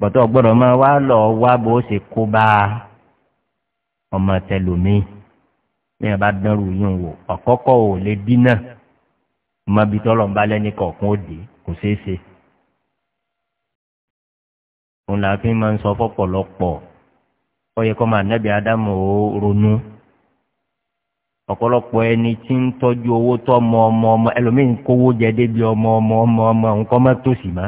bọ̀tọ̀ gbọ́dọ̀ máa wá lọ wá bó ṣe kó bá a ọmọ tẹlomi ní ẹ bá dánrù yín wò ọkọkọ ò lè dínà ọmọ bíi tọlọ ń bá lẹni kọọkan ó dé kò ṣeé ṣe. òun là fi máa ń sọ fọpọlọpọ ó yẹ kó máa nẹbi ádámù ó ronú ọ̀pọ̀lọpọ̀ ẹni tí ń tọ́jú owó tó ọmọ ọmọ ọmọ ẹlòmíín kówó jẹ débi ọmọ ọmọ ọmọ ọmọ nǹkan má tòsí má.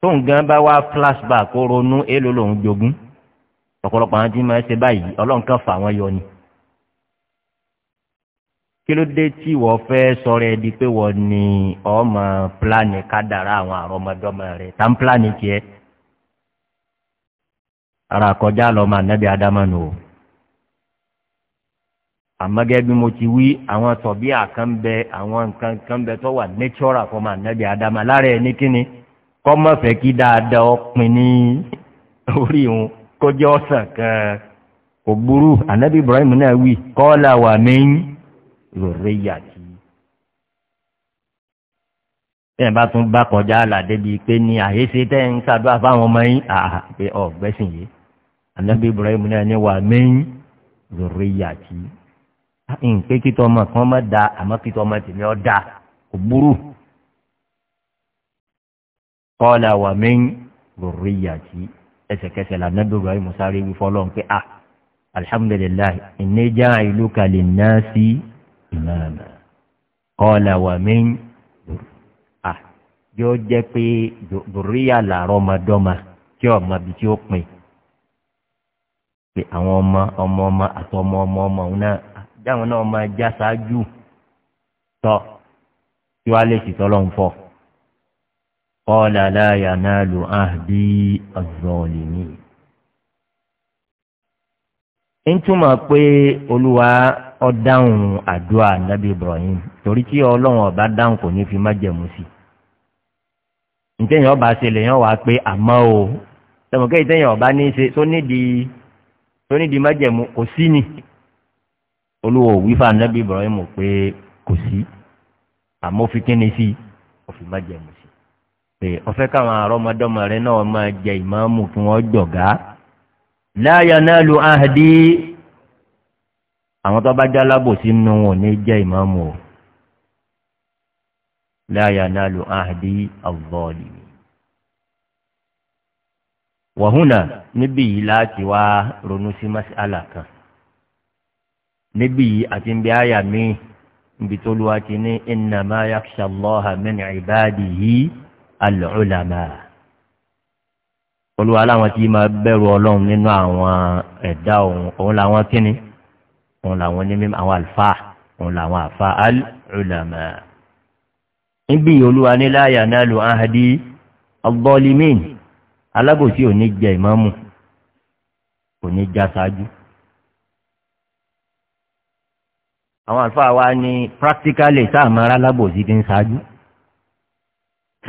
tóun gan bá wá flashback ó ronú èèlò lòún jogún ọ̀pọ̀lọpọ̀ àwọn tí máa ṣe báyìí ọlọ́run kan fà wọ́n yọ ni. kí ló dé tí wọ́n fẹ́ sọ̀rọ̀ ẹ di pé wọ́n ní ọmọ pílánì kádàrá àwọn àrọ́mọdọ́mọ rẹ̀ tá ń pílánì tiẹ̀. ara kọjá lọ́mọ ànábì ádámánù o. àmọ́ gẹ́gẹ́ bí mo ti wí àwọn tọ̀bí àkànbẹ àwọn nǹkan kanbẹ tó wà nẹ́tíọ́rà fọmọ ànábì ádámà lára ẹ̀ ní kíni kọ́mọ̀fẹ́ kí dáadáa ọ kọjá ọ̀sán kan kò burú ànábì ibrahim náà wí kọ́lá wà mẹ́yìn lórí yàtí. tẹ́yìn bá tún bá kọjá àlàdé bíi pé ní àyèsí tẹ́yìn ṣàdúrà fáwọn ọmọ yín àpè ọ̀gbẹ́sìn yìí ànábì ibrahim náà ní wà mẹ́yìn lórí yàtí. nǹkan kíkọ́ ọmọ kan má da àmọ́ kíkọ́ ọmọ tèmi ọ́ da kò kọ́lá wà mẹ́yìn lórí yàtí ẹsẹ̀kẹsẹ̀ lànàbí ibrahim sáré wí fọlọ́n pé a ah, alhamdulilayi ìnẹ́jà ìlú kalẹ̀ náà sí ìmọ̀ràn kọ́lá wà mí a ah, yóò jẹ́ pé bùríyà làárọ̀ ọmọdọ́mà tí ọmọ bíi tí ó pin pé àwọn ọmọ ọmọ ọmọ àtọmọ ọmọ ọmọ òun náà ah, dáhùn náà máa já ṣáájú tọ́ tí wàá lè sì tọ́lọ́ ń fọ́. قال لا náà lò áhàdí ọ̀zọ́ọ̀lìmí. ń túmọ̀ pé olúwa ọ̀dáhùn àdúrà nàbí ibrahim torí tí ọlọ́run ọba dáhùn kò ní fi má jẹ̀mú sí i. ntẹ̀yìn ọba ṣe lèyàn wá pé àmọ́ o tẹ̀mọ̀kẹ́ ìtẹ̀yìn ọba ní í ṣe tó nídìí tó má jẹ̀mú kò sí ni olúwa òwí fún anabi ibrahim pé kò sí àmọ́ fi kíni sí òfin má jẹ̀mú sí pé ọ̀fẹ́ káwọn àrọ́mọdọ́mọ rẹ náà máa jẹ ìmáàmù kí wọ́n jọ̀gá láyà náà lu ahadi àwọn tó bá já lábòsí nù wọn ní jẹ ìmáàmù o láyà náà lu ahadi avọ́ọ̀lì wàhùnà níbí yìí láti wá ronú sí masala kan níbí yìí àti nbí àyà míì nbí tó lu wa ti ní ìnàmáyà ṣàlọ́hà mẹ́rin ìbáàdì yìí alùlámà olúwa láwọn tí máa bẹ̀rù ọlọ́run nínú àwọn ẹ̀dá òun òun làwọn kíni òun làwọn ní mímọ àwọn àlùfáà òun làwọn àfa alùlámà níbi olúwa ní láyà náà lu ahadi ọgbọ́límìn alábòsí ò jẹ ìmọ̀mù kò já ṣáájú. àwọn àlùfáà wa ní practically sáà máa rálábòsí ti ń ṣáájú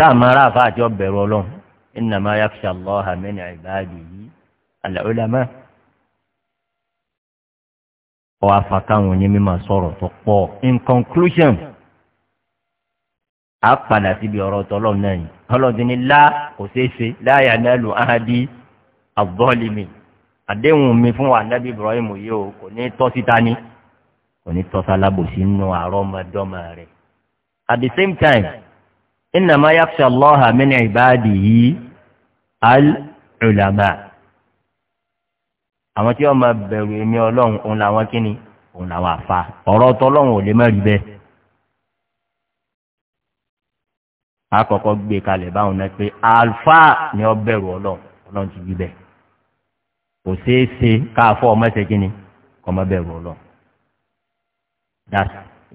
táàmù aráàfáà àjọ bẹ̀rù ọlọ́run innama yakhsha allaha min ibadihi al-ulama. ọwọ́ afakáwọn onímọ̀ sọ̀rọ̀ tó pọ̀ in conclusion a padà síbi ọ̀rọ̀ tọ́lọ́ náà yìí ọlọ́dún ni lá kò ṣeé ṣe láyà náà lù áhádì àbọ́ọ̀lìmì àdéhùn mi fún wa nábì ibrahim yìí o kò ní tọ́ síta ni kò ní tọ́ sálábòsí nù àrọ́mọdọ́mọ rẹ̀ at the same time. إنما yakhsha الله من عباده العلماء. àwọn tí wọ́n máa èmi ọlọ́run òun làwọn kíni òun làwọn àfa ọ̀rọ̀ tọ́lọ́run ò lè má rí bẹ́ẹ̀. àkọ́kọ́ gbé kalẹ̀ báwọn náà pé alfa ni ọ bẹ̀rù ọlọ́run ọlọ́run ti rí bẹ́ẹ̀ kò ṣeé ṣe káàfọ́ ọmọ ẹsẹ̀ kíni kọ́ má bẹ̀rù ọlọ́run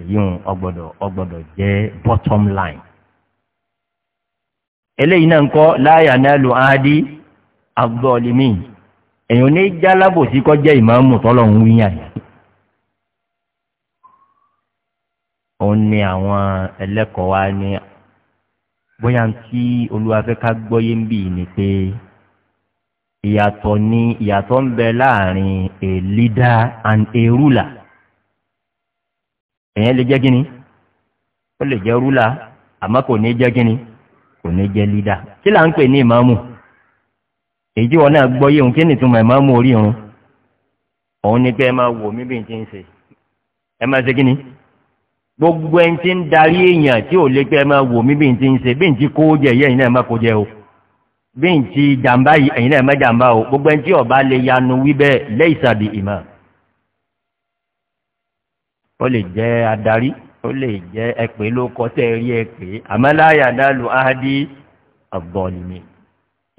èyí ń ọgbọ́dọ̀ ọgbọ́dọ̀ jẹ́ bottom line eléyìí náà ń kọ́ láyà náà lu ahadi abdulmi èèyàn ní jálábòsí kọ́ jẹ́ ìmáàmù tọ́lọ̀ ń wíyàn yìí. òun ni àwọn ẹlẹ́kọ̀ọ́ wa ní bóyá tí olúwafẹ́ ká gbọ́yé ń bì ní pé ìyàtọ̀ ni ìyàtọ̀ ń bẹ láàrin a leader and a ruler èèyàn lè jẹ́ gíní ó lè jẹ́ ruler àmọ́ kò ní jẹ́ gíní kò ní jẹ́ lídà kí là ń pè ní ìmáàmù èyí wọn náà gbọ́ yéhun kí ni ìtumọ̀ ìmáàmù orí irun òun ni pé ẹ máa wò mí bí n ti ń ṣe ẹ máa ṣe kí gbogbo ẹni tí ń darí èèyàn tí ò lè pé ẹ máa wò mí bí n ti ń ṣe bí n ti kó jẹ yẹ ẹ̀yin náà má kó jẹ o bí n ti jàǹbá yìí náà má jàǹbá o gbogbo ẹni tí ọba lè yanu wí bẹ́ẹ̀ lẹ́yìn sàbí ìmọ̀ ó lè jẹ́ adarí ó lè jẹ́ ẹ̀pẹ́ ló kọ́ tẹ́ rí ẹ̀pẹ́ àmọ́láyà dálù áhádì ọ̀bọ̀nìmí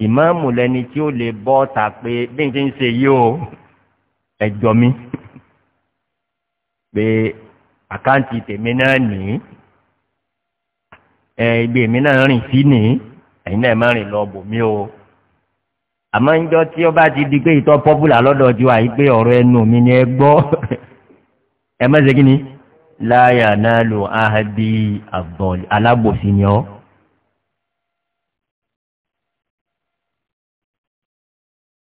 ìmáàmù lẹni tí ó lè bọ́ ta pé bí n ti ń ṣe yìí o ẹ̀jọ̀ mi pé àkáǹtì tèmi náà nì í ẹ̀ ibi èmi náà rìn sí nì í náà má rìn lọ bòmí o àmọ́ ńjọ́ tí ó bá ti di pé ìtọ́ pọ́pùlà lọ́dọ̀ tiwa yìí pé ọ̀rọ̀ ẹnu mi ni ẹ gbọ́ (laughs) ẹ má ṣe kí ni láyà náà lò áhàdí àbọ̀lì alábòsí ni ọ́.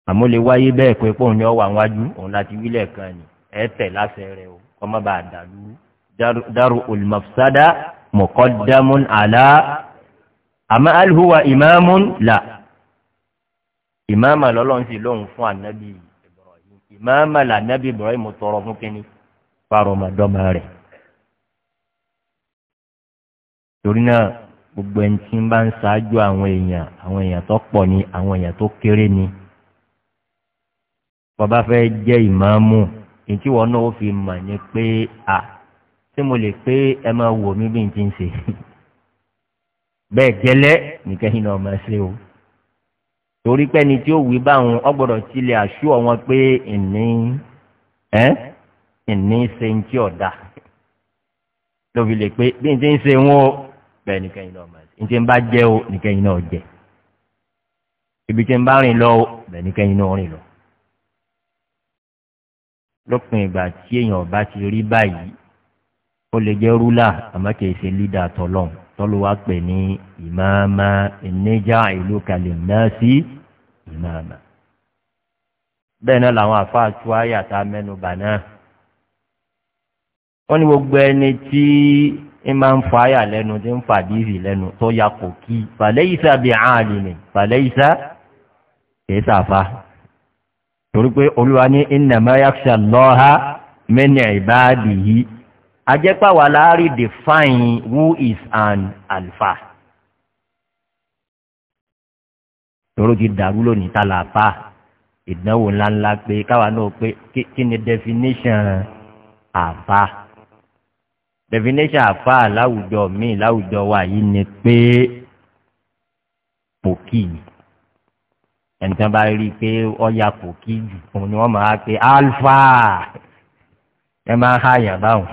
àmọ́ lè wáyé bẹ́ẹ̀ pé pọ́n ní ọ́ wà wájú òun láti wílẹ̀ kan ni ẹ tẹ̀ lásẹ̀ rẹ̀ o kọ́ má bàa dàlú dárò olùmọ̀fúsádà mọ̀kọ́dámún àlá àmọ́ alhuwa ìmáàmún là ìmáàmà lọ́lọ́run sì lóhùn fún ànábì ìmáàmà là ànábì ibrahim tọrọ fún kínní fárọmọdọ́mọ rẹ̀. torí náà gbogbo ẹni tí ń bá ń ṣáájú àwọn èèyàn àwọn èèyàn tó pọ̀ ni àwọn èèyàn tó kéré ni bàbá fẹ́ jẹ́ ìmáàmù wọn náà ó fi ma nye pé à tí mo lè pé ẹ máa wò mí bí n (laughs) bẹ́ẹ̀ gẹ́lẹ́ náà máa ṣe o torí pé ẹni tí ó wí báwọn ọgbọ́dọ̀ tilẹ̀ àṣù ọ̀wọ́n pé ìní ẹ́ ṣe ń ọ̀dà lóbi lè pé bí n ti ń ṣe wọn bẹ́ẹ̀ nìkan yìí náà máa ṣe ní tí ń bá jẹ́ o nìkan yìí náà jẹ́ ibi tí ń bá rìn lọ o bẹ́ẹ̀ nìkan yìí náà rìn lọ. lópin ìgbà tí èèyàn ọba ti rí báyìí ó lè jẹ́ rúlà àmọ́ kì í ṣe lídà tọ́lọ́n tọ́lọ́ wa pè ní ìmáàmá ìníjà ìlú kalẹ̀ náà sí ìmáàmá. bẹ́ẹ̀ náà làwọn àfáà tú àyàtà mẹ́nu bà náà wọ́n ní gbogbo ẹni tí ń máa ń fa àyà lẹ́nu tí ń fa àdìsí lẹ́nu tó ya kò kí fàlẹ́yìísá bí àlìmí fàlẹ́yìísá kìí sàfà torí pé olúwa ní ìnàmáyàṣà lọ́ha mẹ́ni ìbáàdìyí ajẹ́pàwà láàrí define who is an alpha. toro ti dàrú lónìí ta la pa ìdánwò ńláńlá pé káwa náà pé kí ni definition Alpha definition àfa láwùjọ míì láwùjọ wa yìí ni pé pòkì ẹnìkan bá rí i pé ọya pòkì jù òun ni wọ́n máa pe alfa ẹ máa ń hàyàn báwọn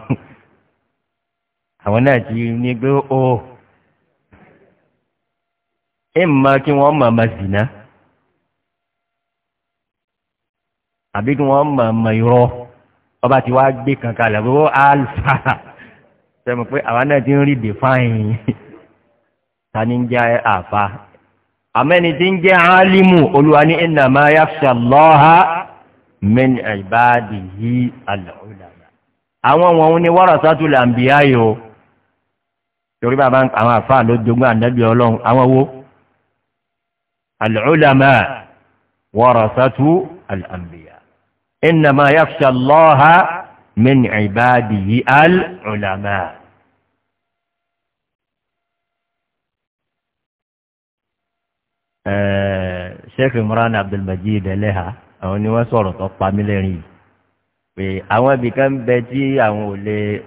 àwọn náà ti ní pé o ẹ mọ kí wọ́n mọ̀ ọmọ sí náà àbí kí wọ́n mọ̀ ọmọ irọ́ ọba tí wàá gbé kankan lẹ́gbẹ̀ẹ́ alfa sẹ́mu pé àwa náà ti ń rí define (laughs) ta ni ń jẹ́ àfa àmẹ́ni tí ń jẹ́ alimu olúwa ní ìnàmá yàfṣà lọ́ha mẹ́ni àìbáàdì yí àlọ́ọ̀lọ́lá àwọn wọn ní wọ́rọ̀sátù làǹbíyá yìí o torí bàbá àwọn àfa ló jogún ànábì ọlọ́run àwọn wo àlọ́ọ̀lọ́mà wọ́rọ̀sátù àlàǹbíyá ìnàmá yàfṣà lọ́ha. من عباده العلماء. شيخ sheikh عبد المجيد eleha àwọn ni wọn sọrọ tó pa mí lẹrin yìí pé àwọn ibìkan ń bẹ tí àwọn ò lè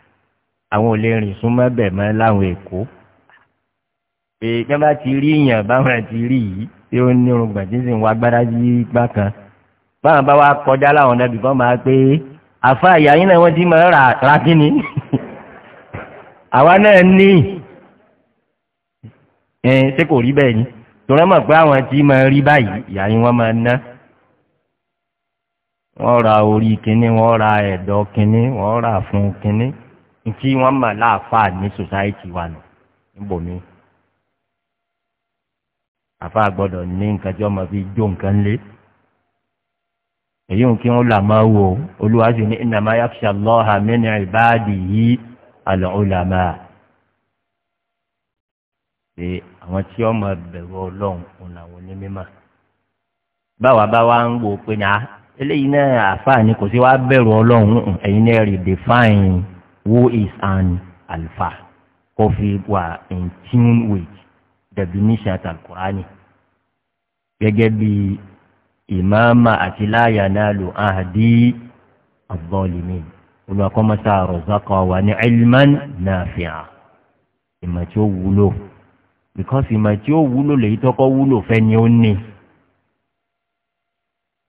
(laughs) àwọn ò lè rìn súnmọ́ bẹ̀ mọ́ láwọn èkó pé yẹn bá ti rí yàn báwọn ti rí yìí tí ó ní irun gbọ̀n tí ń gbára yí gbá kan báwọn bá wá kọjá láwọn ọ̀nà ibìkan máa pé àfa àyà yín náà wọ́n ti máa rà rà kíni àwa náà ní ẹ ṣé kò rí bẹ́ẹ̀ ni tòun mọ̀ pé àwọn tí máa rí báyìí ìyá yín wọ́n máa ná wọ́n ra orí kíní wọ́n ra ẹ̀dọ̀ kíní wọ́n ra fún kíní tí wọ́n mọ̀ láàfáà ní sòsáìtì wa nù níbòmí àfa gbọ́dọ̀ ní nǹkan tí wọ́n máa fi jó nǹkan lé èyí ò kí wọn là máa wò olúwa sì ní ìnàmá yàtúṣà lọ́ha mẹ́ni ìbáàdì yìí àlọ́ọ̀làmà. pé àwọn tí wọn máa bẹ̀rù ọlọ́run òun làwọn onímọ̀. báwa bá wá ń wò pé ní eléyìí náà àfààní kò sí wá bẹ̀rù ọlọ́run ẹ̀yin náà redefine who is an alpha kó fi wà in tune with definition àtàkùránì gẹ́gẹ́ bíi ìmáàmà àti láàyà náà lò áhàdí àbọ̀lìmí olùwàkọ́mọ́sá àròzákọ̀ wà ní ẹlmán náà fi hàn ìmọ̀ tí ó wúlò because ìmọ̀ tí ó wúlò lèyí tọ́kọ́ wúlò fẹ́ ni ó ní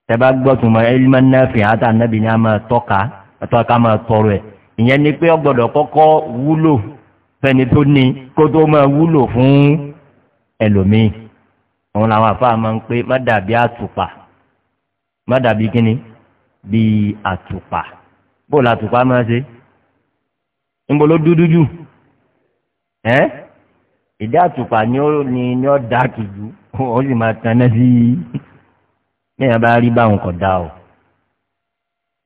tẹ́bá gbọ́tún mọ́ ẹlmán náà fi hàn àtànábì ní a máa tọ́ka àtọ́ka máa tọrọ ẹ̀ ìyẹn ni pé ọgbọ́dọ̀ kọ́kọ́ wúlò fẹ́ni tó ní kó tó máa wúlò fún ẹlòmíì òun làwọn àfáà máa ń pé má dàbí àtùpà má bi kíni bíi atupa bó làtùpà máa ṣe níbo ló dúdú jù ẹ ìdí àtùpà ni ó ni ni ó dà tìjú ó sì máa tanná sí níyàn bá rí báwọn kò dá o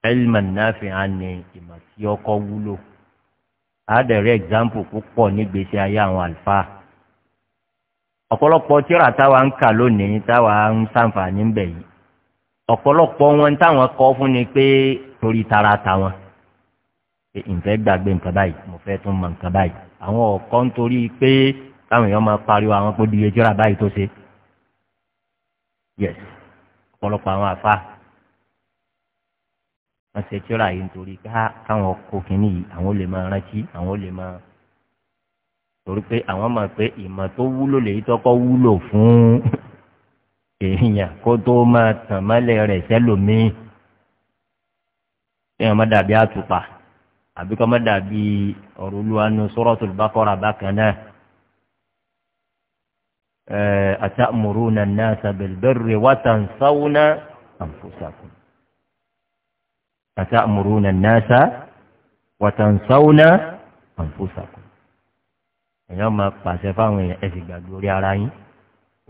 elman náfìá ni ìmọ̀ tí ọkọ̀ wúlò àádẹ́rẹ́ example púpọ̀ nígbèsè ayé àwọn àlùfáà ọ̀pọ̀lọpọ̀ tíra táwa ń kà lónìí táwa ń sàǹfààní ń bẹ̀ yìí ọ̀pọ̀lọpọ̀ wọn táwọn kọ́ fún ni pé torí tara táwọn pé ǹfẹ́ gbàgbé nǹkan báyìí mo fẹ́ tún mọ nǹkan báyìí àwọn ọ̀kọ́ nítorí pé táwọn èèyàn máa pariwo àwọn pé diye jọra báyìí tó ṣe yes ọ̀pọ̀lọpọ̀ àwọn àfa wọ́n ṣe jọra yìí nítorí káwọn ọkọ̀ kìíní yìí àwọn lè máa rántí àwọn lè máa torí pé àwọn mọ̀ pé ìmọ̀ tó wúlò lèyí tọ́kọ́ wúlò fún èèyàn kó tó máa tàn mọ́lẹ̀ rẹ̀ sẹ́lòmíì èèyàn má dàbí àtùpà àbí kọ́ má dàbí ọ̀rọ̀ olúwanu sọ́rọ́tò bákọ́ra bákan náà. أتأمرون الناس بالبر وتنسون أنفسكم أتأمرون الناس وتنسون أنفسكم اليوم ما قاسفان يأسي قدوري على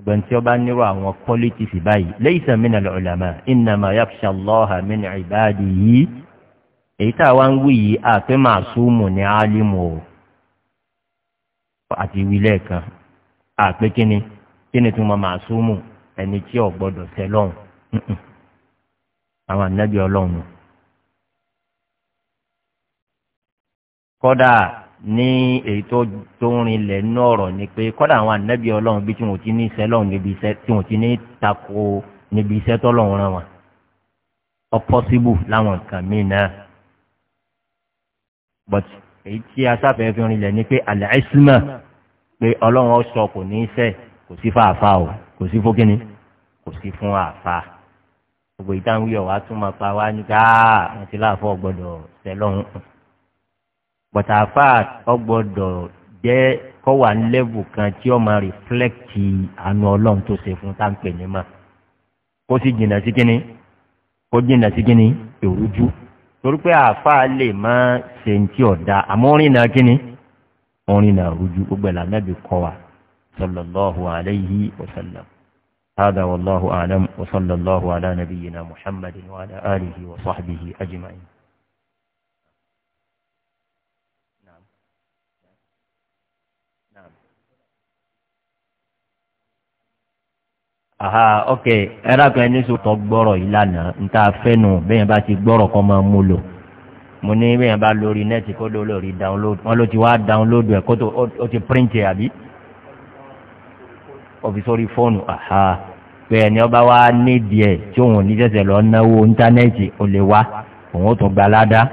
gbogbo tí ó bá nírò àwọn qualities báyìí lẹ́yìn sàmínà lọ́ọ̀làmà ìnàmà yàtúṣà lọ́ọ̀hà mínà ìbáàdì yìí èyí tá a wá ń wí yìí àpé màá súnmù ní wile o a wí kini àpé kíni ma tí mo màá súnmù ẹni tí ò gbọ́dọ̀ awon lọ́hùn àwọn ànábì ní èyí tó tóorin lẹ̀ ní ọ̀rọ̀ ni pé kọ́dà àwọn ànábì ọlọ́run bí tí wọ́n ti ní iṣẹ́ lọ́run níbi iṣẹ́ tí wọ́n ti ní tako níbi iṣẹ́ tọ́lọ́run ràn wọ́n ọpọ́síbù láwọn nǹkan míì náà but èyí tí asáfẹ́ fi rinlẹ̀ ni pé àlàísímà pé ọlọ́run ọ̀ṣọ́ kò ní iṣẹ́ kò sí fún àfa o kò sí fún kínní kò sí fún àfa gbogbo ìtàn wíyọ̀ wá tún máa pa wá ní ká àwọn ti láàfọ̀ gbọ́dọ̀ tẹ́lọ́run bọ̀tà àfáà ọgbọ́dọ̀ jẹ kọwa lẹ́bù kan tí ọ ma rìflẹ́kìtì àánú ọlọ́run tó ṣe fún táǹpẹ̀ ní ma kó sì jìnnà sí kínní kó jìnnà sí kínní èrújú torí pé àfáà lè má ṣe ń tí ọ̀dà àmọ́ orin náà kínní orin náà rújú wa sallallahu alayhi wa sallam. aha ok ẹ̀rọ kan ẹni sọ̀tọ̀ gbọ́rọ̀ yìí lánàá níta fẹ́nu bẹ́ẹ̀ bá ti gbọ́rọ̀ kan máa mú lò mo ní bẹ́ẹ̀ bá lórí nẹ́ẹ̀tì kó ló lórí download wọn ló ti wá download ẹ̀ kó tó ó ti print ẹ̀ àbí ọ̀fi sórí fóònù aha bẹ́ẹ̀ ni ọba wa nídìí ẹ̀ tí òun ní sẹ̀sẹ̀ lọ náwó íńtánẹ́ẹ̀tì ò lè wá òun ó tún gba ládàá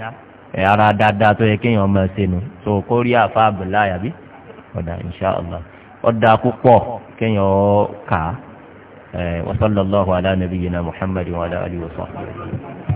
ẹ̀ ara dáadáa tó yẹ kéèyàn máa ṣe nu so kó rí àfa àbùlá àbí ọ̀dà inṣàlá وصلى الله على نبينا محمد وعلى آله وصحبه